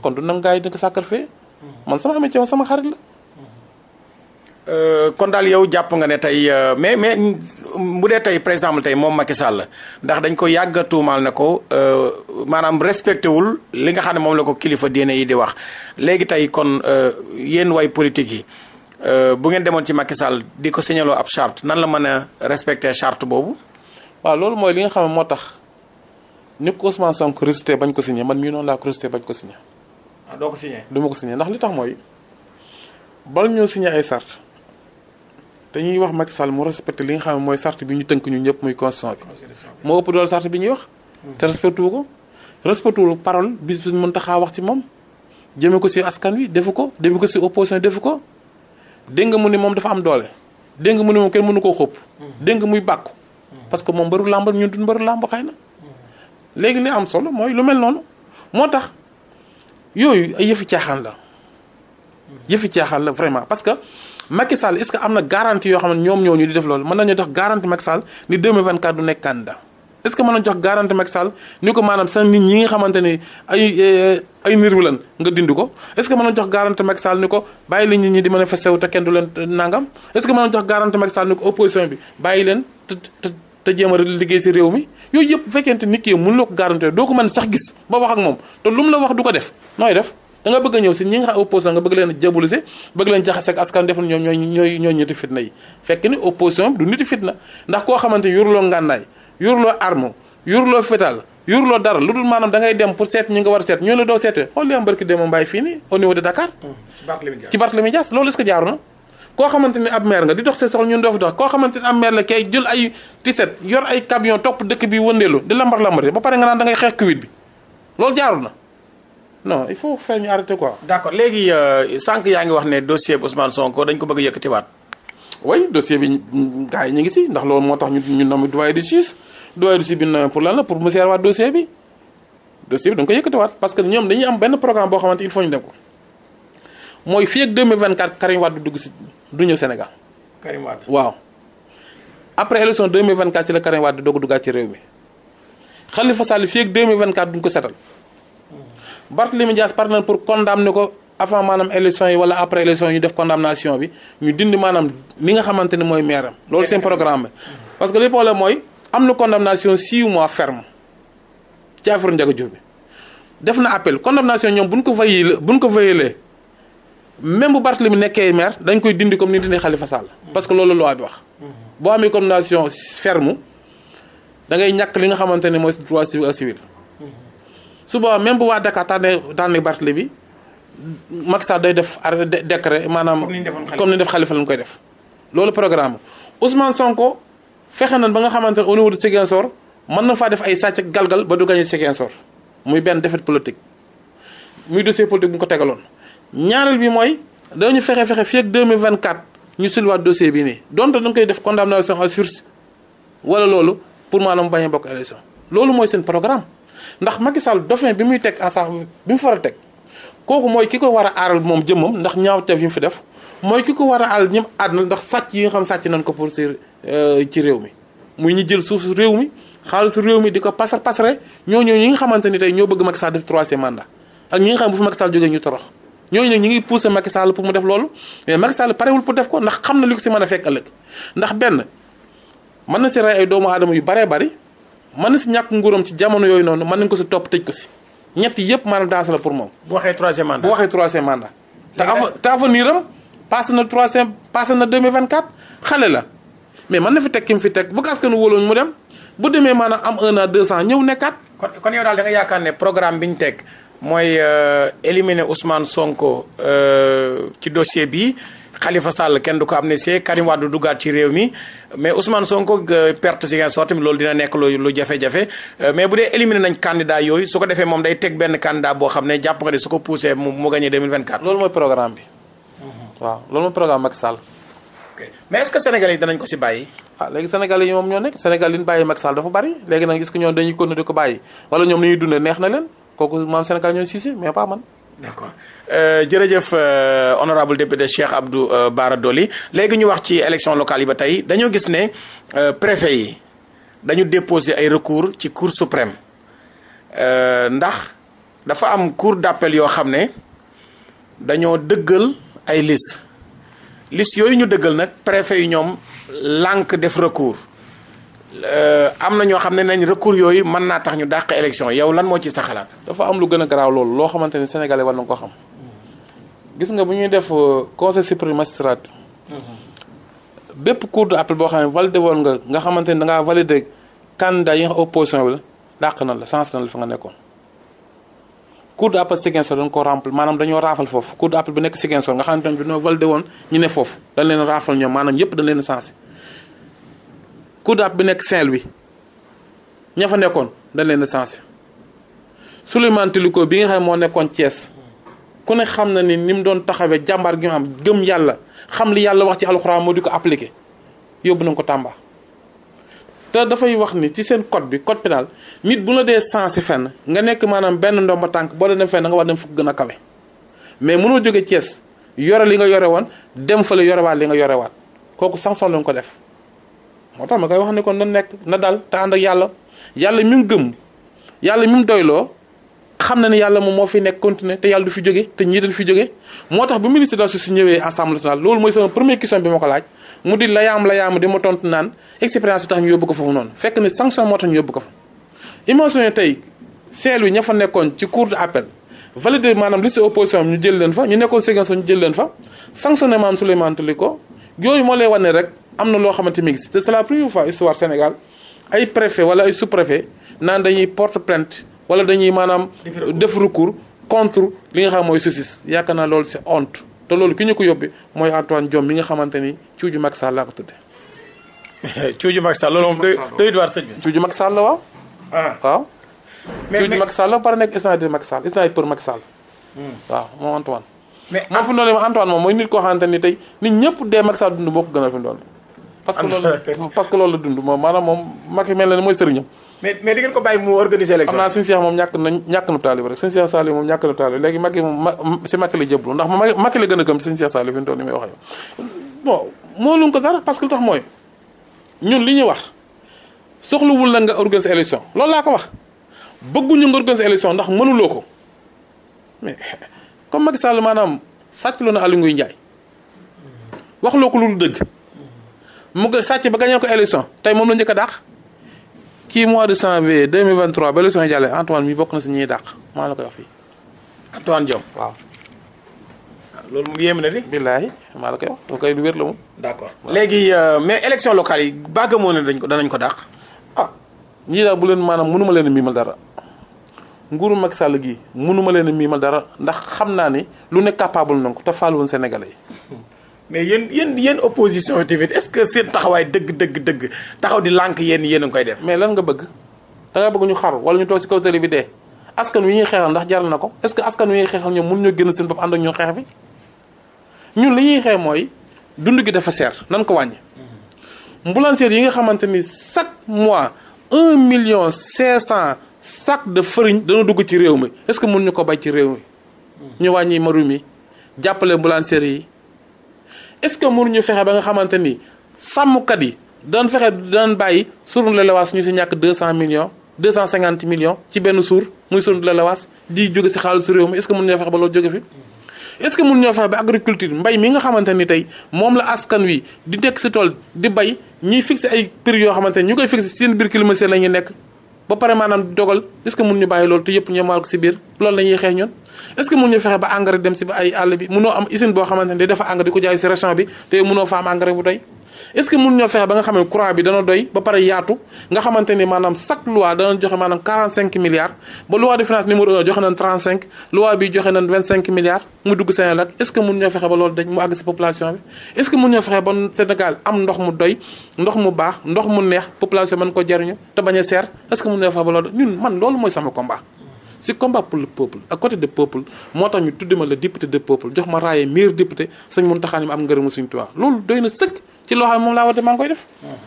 kon du nangu gars yi duñ ko man sama amee ci sama xarit la Euh, kon daal yow jàpp nga ne tey euh, mais mais bu dee tey par exemple tey moom Macky la ndax dañ ko yàgg a tuumaal ne ko euh, maanaam respecté wul li nga xam ne moom la ko kilifa diine yi di wax léegi tey kon yéen way politique yi bu ngeen demoon ci Macky Sall di ko signaloo ab charte nan la mën a respecté charte boobu. waaw loolu mooy li nga xam ne moo tax ni ko Ousmane bañ ko signé man mii noonu laa ko bañ ko signé. ah doo ko signé. du ma ko ndax li tax mooy bal ñoo signé dañuy wax Macky Sall mu respecté li nga xam ne mooy charte bi ñu tënk ñun ñëpp muy constitution bi moo ëpp doole charte bi ñuy wax te respecté wu ko respecté wu parole bis bi mën taxaa wax ci moom jëme ko ci askan wi defu ko defu ko ci opposition defu ko dégg nga mu ne moom dafa am doole dégg nga mu ne moom kenn mënu koo xóob dégg nga muy bàkku parce que moom mbaru làmb ñun duñ mbaru làmb xëy na léegi li am solo mooy lu mel noonu moo tax yooyu ay yëfi caaxaan la yëfi caaxaan la vraiment parce que Macky Sall est am na garantie yoo xam ne ñoom ñoo ñu di def loolu mën nañu jox garantie Macky Sall ni 2024 du nekk candidat est-ce que mën nañu jox garantie Macky ni ko maanaam sa nit ñi nga xamante ni ay eh, ay niru lan nga dindi ko est-ce que mën jox garantie Macky Sall ko bàyyi leen nit di manifester wu te kenn du leen nangam est-ce que mën nañu jox garantie Macky Sall ni ko opposition bi bàyyi leen te te jéem a liggéey si réew mi yooyu yëpp bu fekkente nit ki mënuloo ko garantie doo ko mën sax gis ba wax ak moom te lu mu la wax du ko def nooy def. danga bëgg a ñëw si ñi nga xam opposition nga bëgg leen a diaboliser bëgg leen jaxase ak askan deful ñoom ñooy ñooy ñooy ñetti fitna yi fekk ni opposition du niti fitna ndax koo xamante ni yoruloo ngànnaay dara lu dul maanaam da ngay dem pour seet ñu war a seet ñoo la doo seete xool li am barki démb mbaay fii Dakar hmm, ci Barthélemy Dias loolu est jaaru na koo xamante ni ab maire nga di dox see soxla ñun doo fi dox koo xamante ni ab maire la kay jël ay tiset yor ay camion topp dëkk bi wëndeelu di lambar lambari ba pare nga naan da ngay xeex Covid bi loolu jaarul na non il faut faire ñu arrêter quoi. d' léegi euh, sànq yaa ngi wax ne dossier bi son Sonko dañ ko bëgg a yëkkatiwaat. way dossier bi gars yi ñu ngi si ndax loolu moo tax ñu ñu nommé doyen de justice doyen de justice bi pour lan la pour mu seerwaat dossier bi dossier bi dañ ko yëkkatiwaat parce que ñoom dañuy am benn programme boo xamante il faut ñu dem ko mooy fii ak 2024 Karim Wade du dugg si du ñëw Sénégal. Karim Wade waaw. après élection 2024 ci la Karim Wade doog a duggaat ci réew mi Khalifa Sall fii ak 2024 duñ setal. Barthélemy Dias par na pour condamner ko avant maanaam élection yi wala après élection yi ñu def condamnation bi ñu dindi maanaam li nga xamante ne mooy maire loolu seen programme parce que li problème mooy am na condamnation 6 mois ferme ci affaire Ndiaga Diop bi def na appel condamnation ñoom bu ñu ko la bu ñu ko vayeelee même bu Barthélemy nekkee maire dañ koy dindi comme ni dindi Khalifa Sall parce que loolu loi bi wax boo amee condamnation ferme da ngay ñàkk li nga xamante ne mooy droit civil ak su boobaa même bu waa Dakar tànnee tànnee Barthélémy Macky Sall day def ar décret maanaam. comme ni def Khalifa lañ koy def. loolu programme Ousmane Sonko fexe nañ ba nga xamante ne au niveau de Ziguinchor mën na faa def ay sàcc galgal ba du gagné Ziguinchor muy benn défaite politique muy dossier politique bu ñu ko tegaloon. ñaareel bi mooy ñu fexe fexe fii vingt 2024 ñu sulwaat dossier bi nii donte dañ koy def condamnation à sursis wala loolu pour maanaam bañ bokk élection loolu mooy seen ndax Macky Sall dauphin bi muy teg à sax bi mu far a teg kooku mooy ki ko war a aaral moom jëmmam ndax ñaaw ñaawteef yi mu fi def mooy ki ko war a aaral ñim àdduna ndax sàcc yi nga xam sàcc nañ ko pour ci euh, ci réew mi muy ñu jël suuf réew mi xaalisu réew mi di ko pasar pasare ñoo ñooñu ñi nga xamante ni tey ñoo bëgg Macky Sall def troisième mandat ak ñi nga xam bu fi Macky Sall jógee ñu torox ñooñu nag ñi ngi poussé Macky Sall pour mu def loolu mais Macky Sall parewul pour ko ndax xam na li ko si mën a fekk ëllëg ndax benn mën na si ay doomu aadama yu baree bari mën na si ñàkk nguuram ci jamono yooyu noonu mën nañ ko si topp tëj ko si ñett yëpp maanaam danger la pour moom. bu waxee troisième mandat bu waxee troisième mandat. te avenir am passé na troisième passé na 2024 xale la mais mën na fi teg ki mu fi teg bu gas kenn wóoloon mu dem bu demee maanaam am un an deux ans ñëw nekkaat. kon kon yow daal da yaakaar ne programme bi teg mooy euh, éliminer Ousmane Sonko euh, ci dossier bi. Khalifa Sall kenn du ko amnistie Karim Wade duggaat ci réew mi mais Ousmane Sonko euh, perte si ngeen sorti loolu dina nekk lu lu jafe-jafe euh, mais bu dee éliminer nañ candidat yooyu su ko defee moom day teg benn candidat boo xam ne jàpp nga ne su ko poussé mu mu gagné mhm. ko si bàyyi. ah léegi sénégalais yi moom ñoo nekk sénégal li ñu bàyyi Macky Sall dafa bari léegi nag est-ce que ñoom dañuy continuer di ko bàyyi wala ñoom li ñuy dundee neex na leen kooku maam sénégal ñoo siisi mais pas man d' accord euh, jërëjëf euh, honorable député Cheikh Abdou euh, Bara Dolly léegi ñu wax ci élection locale yi ba tey dañoo gis ne préfet yi dañu déposé ay recours ci cour suprême ndax dafa am cour d' appel yoo xam ne dañoo dëggal ay liste liste yooyu ñu dëggal nag préfet yi ñoom lank def recours Euh, am na ñoo xam ne nañ recours yooyu mën naa tax ñu dàq élection yow lan moo ci sa dafa am lu gën a garaaw loolu loo xamante ni sénégalais war na ko xam gis nga bu ñuy def euh, conseil supérieur magistrat mm-hmm. bépp cour d'appel boo woon nga nga xamante ni da ngaa validé candidat yi opposition bi dàq na la sens na la fa nga nekkoon. cour d'appel Ziguinchor dañ ko rempli maanaam dañoo raafal foofu cour d'appel bi nekk Ziguinchor nga xam ne dañoo validé ñu ne foofu dañ leen raafal ñoom maanaam yëpp dañ leen sensé. COUDAP bi nekk saint wi ña fa nekkoon dañ leen a sensé Souleymane Téliko bi nga xam ne moo nekkoon cees ku ne xam na ni ni mu doon taxawee jàmbaar gi nga xam gëm yàlla xam li yàlla wax ci alxuraan moo di ko appliqué yóbbu nañ ko Tamba. te dafay wax ni ci seen code bi code pénal nit bu la dee sensé fenn nga nekk maanaam benn ndomba tànk boo leen dem fenn nga war dem fukk gën a kawe mais mënoo jóge cees yore li nga yore woon dem fa la yorewaat li nga yorewaat kooku sanction lañ ko def. moo tax ma kay wax ne kon na nekk na daal te ànd ak yàlla yàlla mi mu gëm yàlla mi mu doyloo xam na ne yàlla moom moo fi nekk continuer te yàlla du fi jóge te ñii dañ fi jóge moo tax bu ministre de la justice ñëwee assemblée nationale loolu mooy sama première question bi ma ko laaj mu di layaam layaam di ma tontu naan expérience tax ñu yóbbu ko foofu noonu fekk ne sanction moo tax ñu yóbbu ko fa. imaginé tey seel wi ña fa nekkoon ci cour d'appel validé maanaam liste opposition ñu jël leen fa ñu nekkoon séquence ñu jël leen fa sanctionné maam Souleymane Téliko yooyu moo lay wane rek. am na loo xamante mi ngi si te c'est la première fois histoire Sénégal ay préfet wala ay sous-préfet naan dañuy porte plainte wala dañuy maanaam def recours contre li nga xam mooy justice yaakaar naa loolu c'est honte te loolu ki ñu ko yóbbee mooy Antoine Diome mi nga xamante ni cuuju Macky Sall laa ko tudde cuuju Macky Sall loolu moom doy waar sëñ bi cuuju Macky Sall la waaw ah. waaw la pare nekk sniper Macky Sall sniper Macky Sall hmm. waaw moom Antoine moom fi mu doon Antoine moom mooy nit koo xamante ni tey nit ñëpp dee Macky Sall dund boo ko gënal fi mu parce que loolu parce que loolu la dund moom maanaam moom Macky mel na ne mooy sëriñam mais mais ko bàyyi mu organiser élection xam naa suñu ñàkk na ñàkk na taalib rek si Macky la jëblu ndax Macky la gën a gëm suñu seex ko dara parce que mooy ñun li ñuy wax soxlawul la nga organiser élection loolu laa ko wax bëgguñu nga organiser élection ndax mënuloo ko mais comme Macky Sall maanaam sàcc loo na Aly Ngouille Ndiaye waxloo ko lu dëgg mu sàcc ba gañee ko élection tey moom la jëkk a dàq kii mois de janvier 2023 ba élection yi jàllee Antoine mi bokk na si ñuy dàq maa la koy wax fii. Antoine Diome waaw. Ah, loolu yéeme na di. billaahi maa la koy wax loolu kay lu wér la moom. d'accord léegi euh, mais élection locale yi bàgg moo ne dañ ko danañ ko dàq. ah ñii daal bu leen maanaam mënuma leen miimal dara nguuru mag sàll gii mënuma leen miimal dara ndax xam naa ni lu ne capable na te faalu woon yi. mais yéen yéen yéen opposition yi tamit est-ce que seen taxawaay dëgg dëgg dëgg taxaw di lànk yéen yéen a ngi koy def. mais lan nga bëgg da bëgg ñu xaru wala ñu toog ci kaw télé bi dee askan wi ñuy xeexal ndax jaral na ko est-ce que askan wi ñuy xeexal ñoom mun ñoo génn seen bopp ànd ak ñun xeex bi ñun li ñuy xeex mooy dund gi dafa seer nan ko wàññi. ambulanciers mm-hmm. yi nga xamante ni chaque mois un million cinq cent sacs de farine dana dugg ci réew mi est-ce que mun ñu ko bay ci réew mi. Mm-hmm. ñu wàññi marum yi jàppale ambulanciers yi est-ce que mënuñu fexe ba nga xamante ni sàmmkat yi daan fexe daan bàyyi surun l'élevage ñu si ñàkk 200 millions 250 millions ci benn suur muy surun l'élevage di jóge si xaalisu réew mi est-ce que mënuñoo fexe ba loolu jóge fi. est-ce que mun ñoo fexe ba agriculture mbay mi nga xamante ni tey moom la askan wi di nekk si tool di bay ñuy fixé ay prix yoo xamante ni ñu koy fixé seen biir climat la ñuy nekk. ba pare maanaam dogal est-ce que mun ñu bàyyi loolu te yëpp ñu maal ko si biir loolu la ñuy xeex mun ñu fexe ba engrais dem si ay àll bi munoo am usine boo xamante ne di dafa engrais di ko jaay si région bi te munoo fa am engrais bu doy est-ce que mun ñoo fexe ba nga xam ne courant bi dana doy ba pare yaatu nga loi dana joxe maanaam 45 milliards ba loi de finance numéro 1 joxe nañ 35 loi bi joxe nañ mu dugg Sénégal est-ce mu àgg si population bi est-ce que mun ñoo fexe ba Sénégal am ndox mu doy ndox mu baax ndox mu neex population man ko jariñu te bañ a seer est que mun ñoo fexe ba sama combat si combat pour le peuple à tax ñu tudd ma le député de peuple jox ma raayé meilleur député sëñ Mountakha ni ma am loolu doy na sëkk ci loxo xam ne moom laa war a def ngi koy def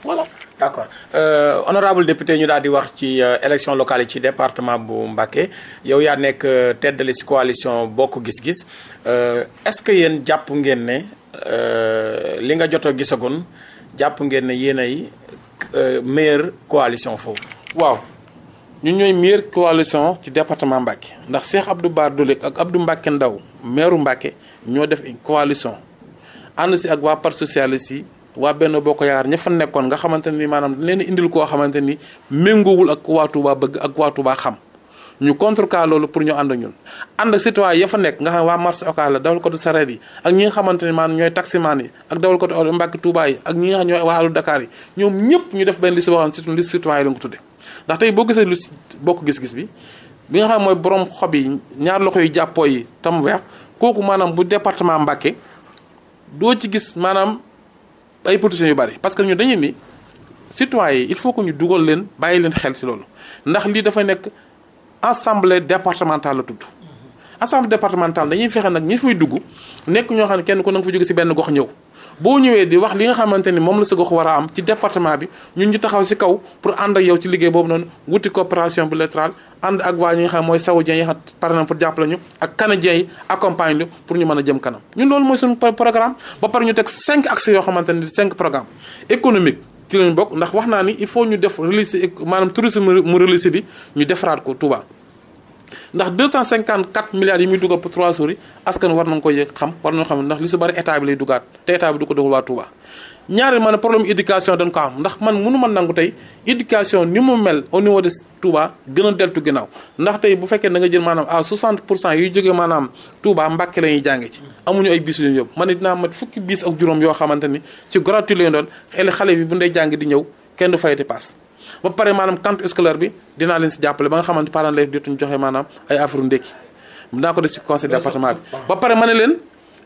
voilà. d' accord euh, honorable député ñu daal di wax ci euh, élection locale yi ci département bu Mbacké yow yaa nekk euh, tête de liste coalition bokk gis-gis est ce que yéen jàpp ngeen ne li nga joto a jàpp ngeen ne yéen ay meilleure coalition foofu. waaw ñu ñooy meilleure coalition ci département Mbacké ndax Cheikh Abdou Bara Dolly ak ab Abdou Mbacké Ndaw maire Mbacké ñoo def une coalition ànd si ak waa parti socialiste yi. waa benn boo ko yaakaar ña fa nekkoon nga xamante ni maanaam leen indil koo xamante ni méngoowul ak waa Touba bëgg ak waa Touba xam ñu contre cas loolu pour ñu ànd ñun ànd ak citoyen ya fa nekk nga xam waa marché occas la dawal ko du sareet yi ak ñi nga xamante ne maanaam ñooy taximaan yi ak dawal ko du mbàkki yi ak ñi nga xam ñooy waa alu yi ñoom ñëpp ñu def benn liste boo xam ne liste citoyen yi la nga tudde ndax boo gis-gis bi bi nga xam mooy borom xob yi ñaar loxo yu jàppoo yi tam weex kooku maanaam bu département Mbacké doo ci gis maanaam ay politiciens yu bari parce que ñu dañu ni citoyens yi il faut que ñu dugal leen bàyyi leen xel si loolu ndax lii dafa nekk assemblée départementale la tudd. assemblée départementale dañuy fexe nag ñi fay dugg nekk ñoo xam ne kenn ku na nga fa jóge ci benn gox ñëw. boo ñëwee di wax li nga xamante ni moom la sa gox war a am ci département bi ñu ñu taxaw si kaw pour ànd ak yow ci liggéey boobu noonu wuti coopération bilatérale ànd ak waa ñi nga xam mooy saoudien yi xam par exemple pour jàppale ñu ak canadien yi accompagne lu pour ñu mën a jëm kanam ñun loolu mooy suñu programme ba pare ñu teg cinq axes yoo xamante ni cinq programme économique ci lañ bokk ndax wax naa ni il faut ñu def relise maanaam tourisme mu relise bi ñu defaraat ko Touba ndax 254 milliards yi muy dugal pour 3 jours yi askan war nañ ko yëg xam war nañu xam ndax li su bari état bi lay dugaat te état bi du ko defal waa Touba. ñaari man problème éducation dañ ko am ndax man ni mu au niveau de Touba gën a deltu ginnaaw ndax tey bu fekkee da nga jël maanaam à pour cent yuy jógee maanaam Touba Mbàkke la ñuy jànge ci amuñu ay bis yu ñu man ne dinaa mat fukki bis ak juróom yoo xamante ni si gratuit lañu xale bi bu ndey jàng di ñëw kenn du fayati paas ba pare maanaam cantine scolaire bi dinaa leen si jàppale ba nga xamante parents d'élèves dootuñu joxe maanaam ay affaire ndékki dinaa ko def si conseil département bi ba pare ma ne leen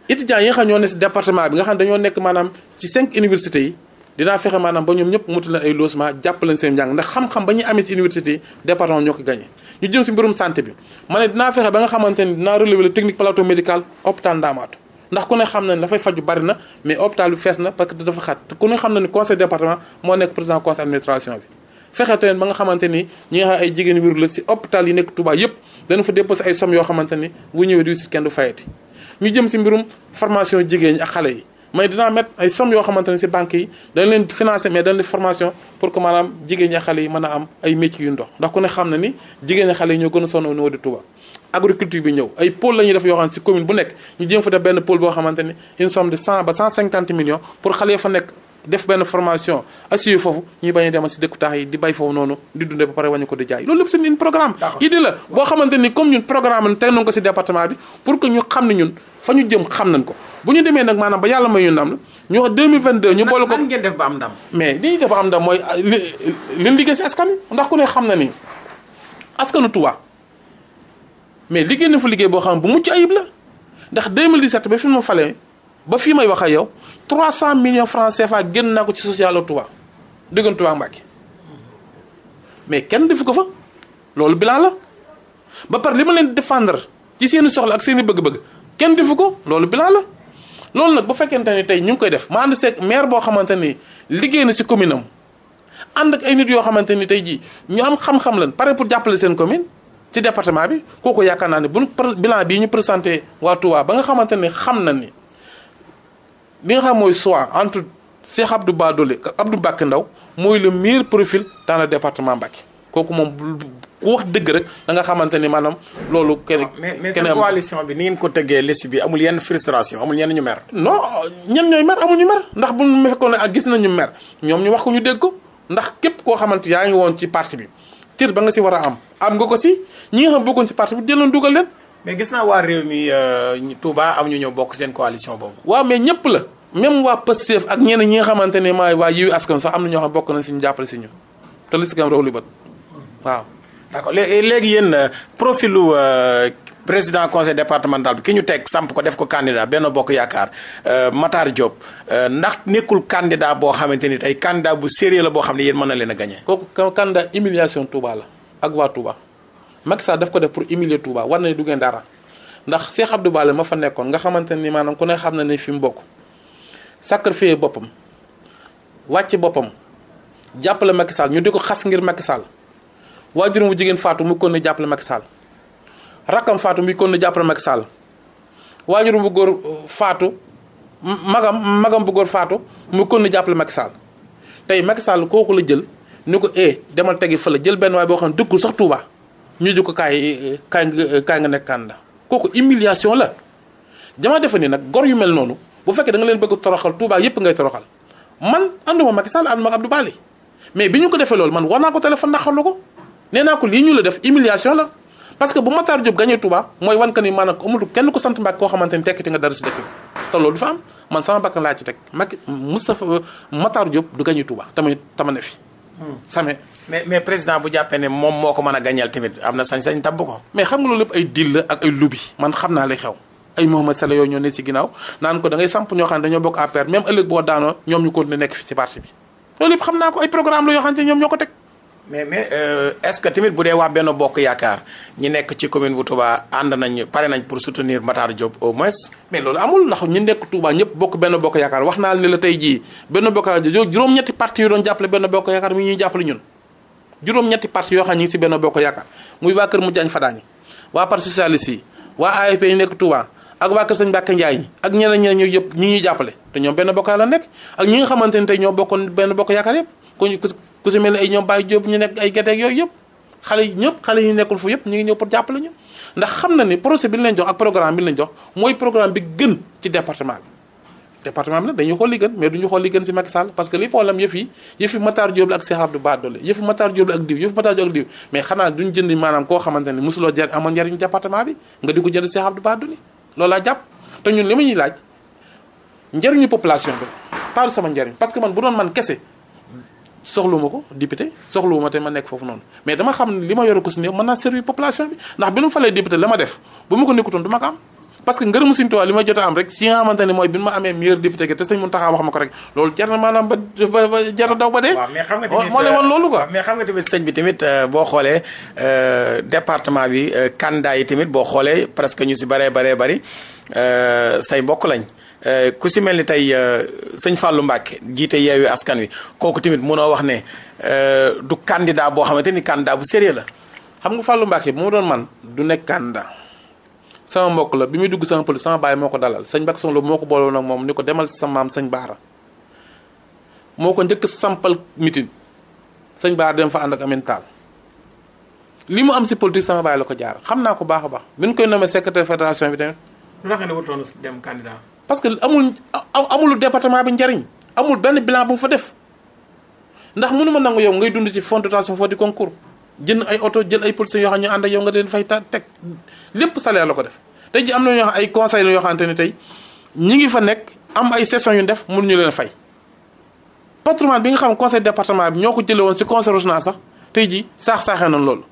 étudiants yi ñoo nekk maanaam ci cinq universités yi dinaa fexe ba ñëpp mutu leen ay logement jàpp leen seen njàng ndax xam-xam ba ñuy amee ci université yi département ñoo ko gagné ñu jëm si mbirum santé bi ma ne dinaa nga xamante ni dinaa relever technique plateau médical hôpital Ndamatou ndax ku ne xam na ne dafay faju bari mais hôpital bi fees na parce que dafa xat ku ne xam na ne conseil département moo nekk président conseil administration bi fexe tamit ba nga xamante ni ñi nga xam ay jigéen wér la si hôpital yi nekk Touba yëpp dana fa déposé ay somme yoo xamante ni bu ñëwee du si kenn du fayati ñu jëm si mbirum formation jigéen xale yi yoo xamante ne si banque yi dañ leen financé mais dañ leen formation pour que maanaam jigéen ñi ak xale yi mën a am ay métiers yu ndox ndax ku ne xam na ni jigéen ñi xale yi ñoo gën a sonn au niveau de Touba agriculture bi ñëw ay pôle la ñuy def yoo xam ne si commune bu nekk ñu jëm fa def benn pôle boo xamante une somme de 100 ba 150 millions pour xale def benn formation assurer foofu ñu bañ a demal si dëkku taax yi di bay foofu noonu di dundee ba pare wàññi ko di jaay loolu lépp c'est une programme idée la boo xamante ni comme ñun programme la teg nañ ko si département bi pour que ñu xam xam nañ ko bu ñu demee nag maanaam ba yàlla ma ñu ndam la ñu wax 2022 ñu boole ko nan ngeen def ba am ndam mais li ñuy def ba am ndam mooy li liggéey si askan wi ndax ku ne xam na ni askanu Touba mais liggéey na fa liggéey boo xam bu mucc ayib la ndax 2017 ba fi mu falee ba fii may wax ak yow 300 million francs faa génn naa ko ci socialu Touba diggante Touba Mbacké mais kenn defu ko fa loolu bilan la ba pare li ma leen défendre ci seeni soxla ak seeni bëgg-bëgg kenn defu ko loolu bilaa la. loolu nag bu fekkente ne tey ñu ngi koy def ma ànd seeg maire boo xamante ni liggéey na ci commune am ànd ak ay nit yoo xamante ni tey jii ñu am xam-xam lan pare pour jàppale seen commune. ci département bi kooku yaakaar naa ne buñ bilan bii ñu présenté waa ba nga xamante ne xam na ni. li nga xam mooy choix entre Cheikh Abdou Bara Dolly Abdou Mbacké Ndao mooy le meilleur profil dans le département Mbacké kooku moom ku wax dëgg rek da nga xamante ni maanaam loolu. kenn ah, mais mais coalition bi ni ngeen ko tëggee les bi amul yenn frustration amul yenn ñu mer. non ñenn ñooy mer amul ñu mer ndax bu ñu fekkoon ne ak gis nañu mer ñoom ñu wax ko ñu dégg ko ndax képp koo xamante yaa ngi woon ci parti bi cër ba nga si war a am am nga ko si ñi nga xam bokkoon si parti bi delloo dugal leen. mais gis naa waa réew mi euh, Touba am ñu ñëw bokk seen coalition boobu. waaw mais ñëpp la même waa Pastef ak ñeneen ñi nga xamante ne maa waa Yewwi Askan sax am na ñoo xam bokk na si ñu jàppale si ñu te li si gën a bët waaw. d'accord léegi yéen euh, profilu euh, président conseil départemental bi ki ñu teg samp ko def ko candidat benn Bokk Yaakaar Matar Diop ndax nekkul candidat boo xamante ni tey candidat bu sérieux la boo xam ne yéen mën na leen a gagné. kooku candidat humiliation Touba la ak waa Macky Sall daf ko def pour humilier Touba war nañu du ngeen dara ndax Cheikh Abdou Bale ma fa nekkoon nga xamante ni maanaam ku ne xam na ne fi mu bokk sacrifier boppam wàcc boppam jàppale Macky Sall ñu di ko xas ngir Macky Sall waajuram wu jigéen Fatou mu kon ne jàppale Macky Sall rakkam Fatou mu kon ne jàppale Macky Sall waajuram bu góor euh, Fatou magam magam bu góor Fatou mu kon jàppale Macky Sall tey Macky Sall kooku la jël ni ko eh demal tegi fa la jël benn waay boo xam ne dëkkul sax Touba. ñu di ko kaay kaay nga kaay nga kooku humiliation la dama defe ni nag gor yu mel noonu bu fekkee danga leen bëgg toroxal Touba yépp ngay toroxal man ànduma Macky Sall ànduma Abdou Bali mais bi ñu ko defee loolu man war naa ko téléphone naxalu ko nee naa ko lii ñu la def humiliation la parce que bu Matar Diop gagné Touba mooy wan que ni maanaam amul kenn ku sant Mbàkke koo xamante ni tekkati nga dara si dëkk bi te loolu du fa am man sama bakkan laa ci teg Macky Moustapha Matar Diop du gagné Touba tamit tama ne fi. Hmm. sama mais mais président bu jàppee ne moom moo ko mën a gañal tamit am na sañ-sañ tabb ko. mais xam nga loolu lépp ay deal la ak ay lubi man xam naa li xew. ay Mouhamed Saleh yooyu naan ko da samp ñoo xam ne dañoo nekk fi ci parti bi loolu yëpp euh, commune bu Touba ànd nañ pare nañ pour soutenir Matar Diop au moins. mais loolu amul ndax ñi nekk Touba ñëpp bokk benn bokk yaakaar wax naa ne la tey jii benn bokk yaakaar juróom-ñetti parti yu doon jàppale benn bokk yaakaar mi ñuy jàppale ñun. juróom-ñetti parti yoo xam ñi ngi si benn bokk yaakaar muy waa kër Madiagne Fada waa parti socialiste yi waa AFP yi nekk tuwaa ak waa kër Sëñ Mbàkke Njaay ñi ak ñeneen ñeneen ñooy yëpp ñi ñuy jàppale te benn bokk la nekk ak ñi xamante ne tey ñoo bokkoon benn bokk yaakaar yëpp ku ku si mel ñu nekk ay yooyu yëpp xale yi ñëpp xale nekkul fu yëpp ñu ngi ñëw pour jàppale ñu ndax xam na ni projet bi ñu leen jox ak programme bi leen jox mooy programme bi gën ci département bi département bi nag dañuy xool li gën mais duñu xool li gën ci Macky Sall parce que li problème yëf yi yëfi Matar Diop la ak Cheikh Abdou Bara Dolly yëfi Matar Diop la ak diw yëfi Matar Diop ak diw mais xanaa duñ jënd jënd laa jàpp te population bi pas sama njariñ parce que man bu doon man kese soxluwuma ko député soxluwuma te ma nekk foofu noonu mais dama xam ne li ma yore ko ci néew mën naa servir population bi ndax bi nu falee député la ma def bu ma ko nekkutoon du ma ko am parce que ngërëmu Sëriñ Tuubaa li ma jot a am rek si nga xamante ne mooy bi ma amee meilleur député te sëñ Mountakha wax ma ko rek loolu jar na maanaam ba ba jar na daw ba dee. waaw mais xam nga tamit moo leen woon loolu quoi. mais xam nga tamit euh, boo xoolee euh, département bi candidat euh, yi tamit boo xoolee presque ñu si baree baree bari say mbokk lañ. Uh, ku si mel ni tey uh, sëñ fàllu Mbacke jiite yeewi askan wi kooku tamit mënoo wax ne uh, du candidat boo xamante ni candidat bu sérieux la. xam nga Fallou Mbacke bu mu doon man du nekk candidat sama mbokk la bi muy dugg sama pël sama baay moo ko dalal sëñ Bakk Soxla moo ko booloon ak moom ni ko demal sa maam sëñ Baara moo ko njëkk sampal mitin sëñ Baara dem fa ànd ak Amin mu am si politique sama baay la ko jaar xam naa ko baax a baax bi ñu koy nommé secrétaire fédération bi tamit. lu tax parce que amul amul département bi njariñ amul benn bilan bu mu fa def ndax mënuma nangu yow ngay dund si fond de dotation di concours. jënd ay oto jël ay policiers yoo xam ñu ànd ak yow nga leen fay ta teg lépp salaire la ko def tey ji am na ñoo xam ay conseil la yoo xamante ne tey ñi ngi fa nekk am ay session yu def ñu leen fay patronat bi nga xam conseil département bi ñoo ko jëlee woon ci conseil régional sax tey ji saax-saaxee nañ loolu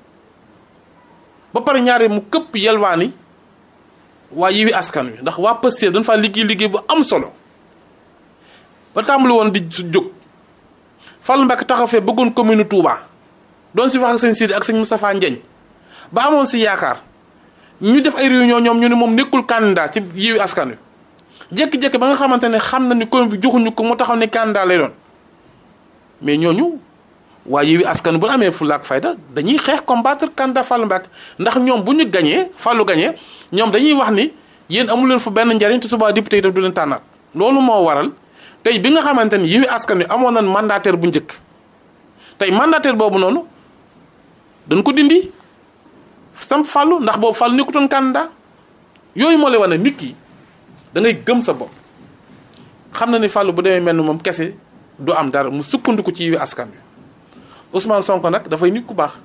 ba pare ñaare mu këpp yelwaan yi waa Askan Wi ndax waa Pastef dañ fa liggéey liggéey bu am solo ba tàmbali woon di su jóg Fallou Mbacké taxaw fee bëggoon commune Touba doon si wax ak sëñ Sidi ak sëñ Moustapha Ndiagne ba amoon si yaakaar ñu def ay réunion ñoom ñu ne moom nekkul candidat ci Yewwi Askan Wi jékki ba nga xamante ne xam na ni commune bi joxuñu ko mu taxaw ne candidat lay doon mais ñooñu waa Yewwi Askan Wi bu amee fulla ak fayda dañuy xeex combattre candidat Fallou Mbacké ndax ñoom bu ñu gañee Fallou gañee ñoom dañuy wax ni yéen amu leen fu benn njariñ te subaa député yi daf du leen tànnaat loolu moo waral tey bi nga xamante ni Yewwi Askan Wi amoon nañ mandataire bu njëkk tey mandataire boobu noonu dañ ko dindi samp fàllu ndax boobu fàllu nekkutoon candidat yooyu moo lay wane nit ki da ngay gëm sa bopp xam na ni fàllu bu demee mel ni moom kese du am dara mu sukkandiku ci yiwi askan wi Ousmane Sonko nag dafay nit ku baax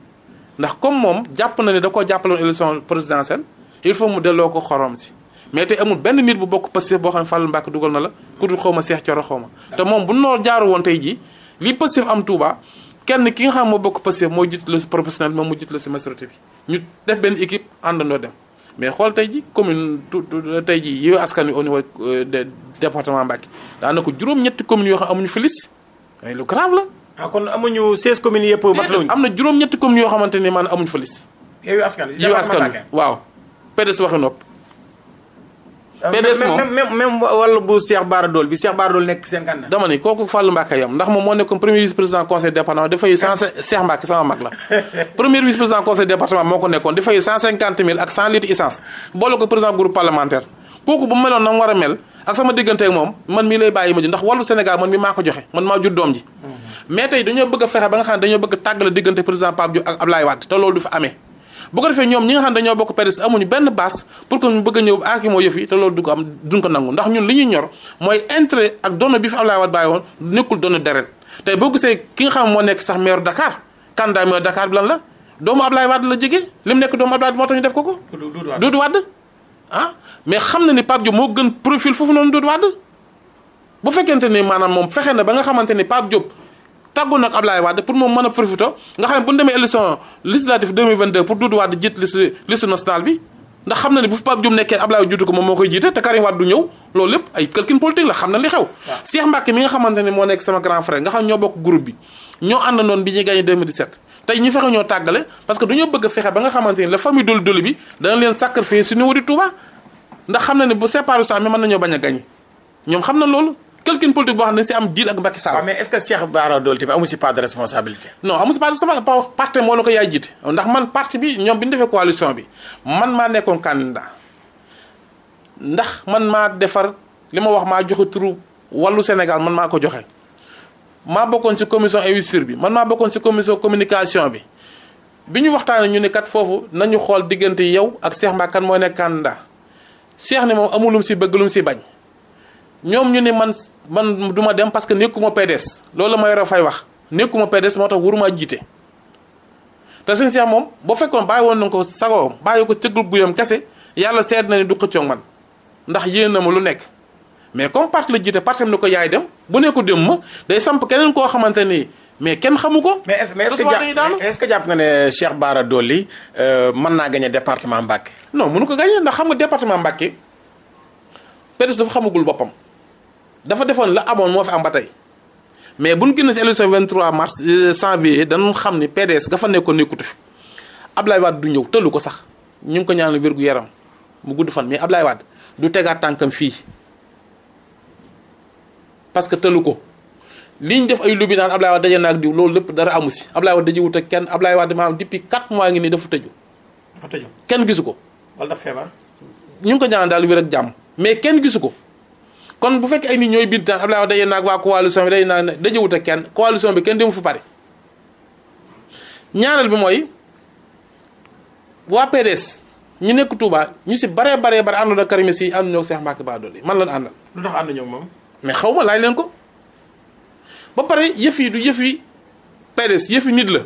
ndax comme moom jàpp na ne da koo jàppaloon élection présidentielle il faut mu delloo ko xorom si mais te amul benn nit bu bokk Pastef boo xam ne Fallou Mbacké dugal na la ku dul xaw ma seex coro xaw ma te moom bu noo jaaru woon tey jii li Pastef am Touba kenn ki nga xam moo bokk Pastef moo jiitu la si professionnel moom mu jiitu la si majorité bi ñu def benn équipe àndandoo dem mais xool tey ji commune tey ji yi askan wi au niveau euh, de département Mbacké daanaka juróom-ñetti communes yoo xam amuñu fi liste ay lu grave la. Ah, yëpp am na juróom-ñetti communes yoo xamante ne maanaam amuñu fa liste. yow askan wi yow waaw PDS waxi PDS euh, moom même même wala bu Cheikh Bara Doli bi Cheikh Bara Doli nekk dama ni kooku Fallou Mbacké yam ndax moom moo nekkoon premier vice président conseil département dafay cent Cheikh sama mag la premier vice président conseil département moo ko nekkoon dafay cent mille ak cent litres essence boole ko président groupe parlementaire kooku bu meloon na mu war a mel ak sama diggante ak moom man mii lay bàyyi ma ji ndax wàllu Sénégal man mi maa ko joxe bu ko defee ñoom ñi nga xam ne dañoo bokk PDS amuñu benn base pour que ñu bëgg a ñëw aaki moo yëf te loolu du am duñ nangu ndax ñun li ñuy ñor mooy intérêt ak dono bi fi Abdoulaye Wade bàyyi woon nekkul dono deret tey boo gisee ki nga xam moo nekk sax maire Dakar candidat maire Dakar bi lan la doomu Abdoulaye Wade la jege li mu nekk doomu Abdoulaye Wade moo tax ñu def ko ko Doudou Wade ah mais xam na ni Pape Diop moo gën profil foofu noonu Doudou Wade bu fekkente ni maanaam moom fexe na ba nga xamante ni Pape Diop tàggu nag Ablaye Wade pour moom mën a profité nga xam ne bu ñu demee élection législative 2022 pour Doudou Wade jiit liste liste nationale bi ndax xam na ne bu fi Pape Diop moo koy jiite te du ne moo nekk sama grand frère nga xam ñoo bokk groupe bi bëgg a fexe ba nga xamante la famille doli doli bi dana leen sacrifier suñu wari Touba ndax xam na ne bu séparation amee mën nañoo bañ a gagné ñoom xam na loolu quelqu'un politique boo xam ne si am deal ak Macky Sall. waaw mais est ce que Cheikh Bara Dolly tamit amu si pas de responsabilité. non amu si pas de responsabilité parti moo la ko yaay jiite ndax man parti bi ñoom bi ñu defee coalition bi man maa nekkoon candidat ndax man maa defar li ma wax maa joxe turu wàllu Sénégal man maa ko joxe maa bokkoon si commission investiture bi man maa bokkoon si commission communication bi bi ñu waxtaanee ñu ne kat foofu nañu xool diggante yow ak Cheikh Mbacké kan mooy nekk candidat Cheikh ne moom amulum si bëgg lum si bañ. ñoom ñu ne man man du ma dem parce que nekkuma PDS loolu ma yore fay wax nekkuma PDS moo tax waruma jiite te sëñ Cheikh moom boo fekkoon bàyyi woon na ko sagoo bàyyi ko cëggul guyam kese yàlla seet na du xëccoog man ndax yéen na ma lu nekk mais comme parti la jiite parti am ko yaay dem bu ne ko dem keneen koo xamante ni mais kenn xamu ko. mais est ce que jàpp nga ne Cheikh Bara Dolly euh, mën naa gagné département Mbacké. non mënu ko gagné ndax xam nga département Mbacké PDS dafa xamagul boppam. dafa defoon la amoon moo fi am ba tey mais bu ñu génn si élection 23 mars euh, janvier dañu xam ni PDS ga fa nekkoon nekkutu fi Ablaye Wade du ñëw tëllu ko sax ñu ngi ko ñaanal wérgu yaram mu gudd fan mais Ablaye Wade du tegaat fii parce que tëllu ko li ñu def ay lubi naan Ablaye Wade daje na ak loolu lépp dara amu si Ablaye Wade daje wut ak kenn Ablaye Wade maanaam depuis 4 mois ngi nii dafa tëju. dafa tëju kenn gisu ko. wala feebar. ñu ngi ko ñaanal daal wér ak jàmm mais kenn gisu ko. kon bu fekk ay nit ñooy bind daan Abdoulaye Wade naa naag waa coalition bi daje naag kenn coalition bi kenn demu fu pare ñaareel bi mooy waa PDS ñu nekk tuubaa ñu si baree baree bare àndoon ak Karim si ànduñoo ak Cheikh Mbacké Bara Dolly man lan àndal. lu tax ànduñoo ak moom. mais xaw ma laaj leen ko ba pare yëf yi yëf yi PDS yëf la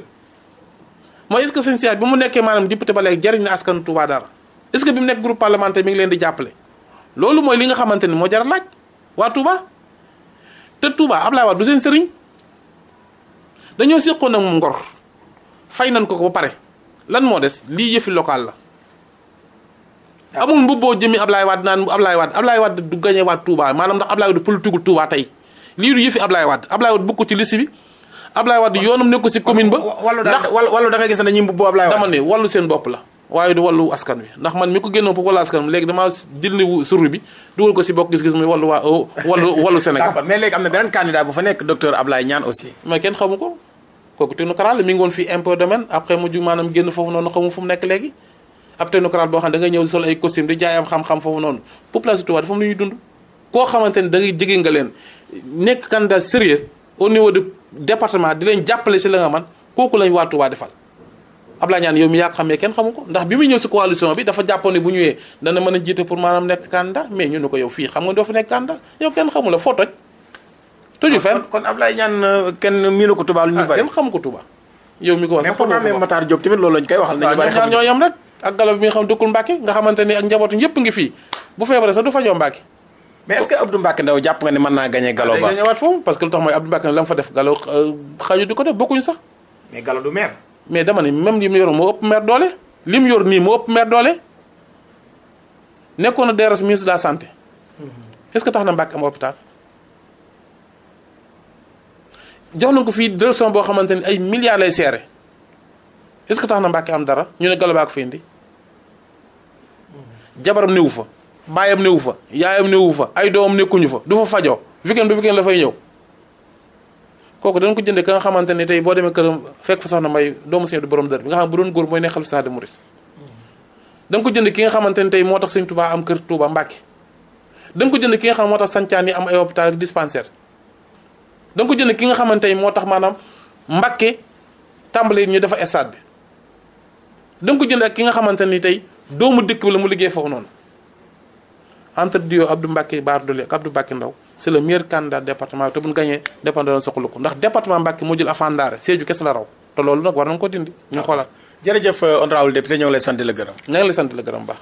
mooy est-ce que sëñ Cheikh bi mu nekkee maanaam député ba léegi jariñ na askanu Touba dara est bi mu nekk groupe parlementaire mi ngi leen di jàppale loolu mooy li nga xamante ni moo jar laaj. waa Touba te Touba Ablaye Wade du seen sëriñ dañoo séqoon ak moom ngor fay nan ko ko ba pare lan moo des lii yëfi local la. amul mbubboo jëmi Ablaye Wade naan Ablaye Wade Ablaye Wade du gagné waat Touba maanaam ndax Ablaye Wade politique Touba tey lii du yëfi Ablaye Wade Ablaye Wade bokk ci liste bi. Ablaye Wade yoonam nekk ko si commune ba. ndax wala da nga gis ne dañuy mbubboo Ablaye Wade dama ne wàllu seen bopp la. waaye du wàllu askan wi ndax man mi ko génnoon pour wàllu askan wi léegi damaa dindi surru bi dugal ko si bokk gis-gis waa wàllu wàllu Sénégal. d'accord mais léegi am na beneen candidat bu fa nekk docteur Ablaye Niane aussi. mais kenn xamu ko kooku technocrate la mi ngi woon fii impôt domaine après mujj maanaam génn foofu noonu xamu fu mu nekk léegi ab am xam-xam noonu population Touba dafa am koo xamante ne da ngay jege nga leen nekk candidat sérieux au niveau du département di jàppale si la man kooku lañ waa defal Abdoulaye Niane yow mi yaa ko xamee kenn xamu ko ndax bi muy ñëw si coalition bi dafa jàppoon ne bu ñëwee dana mën a jiite pour maanaam nekk candidat mais ñu ne ko yow fii xam nga doo fi nekk candidat yow kenn la foo toj. tuju fenn kon kon kenn miinu ko ah, ko Touba. yow ko wax ko mais Matar Diop koy waxal. nañu bari xam ñoo yam rek ak galaw bi ñëpp ngi fii bu feebaree sax du fajoo Mbacke mais est-ce jàpp nga ne mën naa gagné Gallo Ba. ñëwaat ah, foofu parce que lu tax mooy Abdou Mbacke la mu fa def Gallo euh, xaju di ko def bokkuñu sax. mais mais dama ne même li mu yor moo ëpp maire doole li mu yor nii moo ëpp maire doole nekkoon na DRS ministre de la santé mm-hmm. est-ce que tax na Mbàkke am hôpital jox na ko fii direction boo xamante ni ay milliards lay seere est-ce que tax na Mbàkke am dara ñu ne galabaa ko fi indi mm-hmm. jabaram néewu fa baayam néewu fa yaayam néewu fa ay doomam nekkuñu fa du fa fajoo weekend bi weekend la fay ñëw kooku danga ko jënde ka nga xamante ne tey boo demee këram fekk fa soxna mbay doomu borom dër bi nga xam bu doon góor mooy da nga ko jënd ki nga xamante ne tey moo tax sëñ Touba am kër Touba Mbàkke da ko jënd ki nga xam moo tax sancaan yi am ay hôpital ak dispensaire da ko jënd ki nga xamante ne moo tax maanaam Mbàkke tàmbale ñu dafa stade bi da ko jënd ki nga xamante ni tey doomu dëkk bi la mu liggéey foofu noonu entre duo Abdou Mbàkke Baar ab Abdou Mbàkke Ndaw c'est le meilleur candidat département te bu ñu gagné dépendance soxla ko ndax département Mbacké moo jël affaire ndaare Sédhiou kese la raw te loolu nag war nañu ko dindi ñu ah. xoolaat. jërëjëf euh, honorable député ñoo ngi lay sant la gërëm. ñoo ngi lay sant la gërëm baax.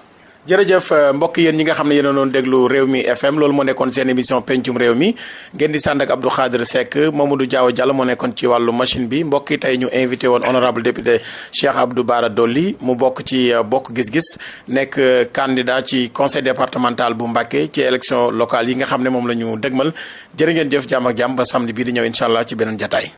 jërëjëf euh, mbokk yéen ñi nga xam ne yéen a doon déglu réew mi FM loolu moo nekkoon seen émission pencum réew mi ngeen di sànd ak Abdou Khadre Seck Mamadou Diaw Diallo moo nekkoon ci wàllu machine bi mbokk yi tey ñu invité woon honorable député Cheikh Abdou Bara Dolly mu bokk ci euh, bokk gis-gis nekk euh, candidat ci conseil départemental bu Mbacké ci élection locale yi nga xam ne moom la ñu dëgmal jërë ngeen jëf jàmm ak jàmm ba samedi bii di ñëw incha allah ci beneen jataay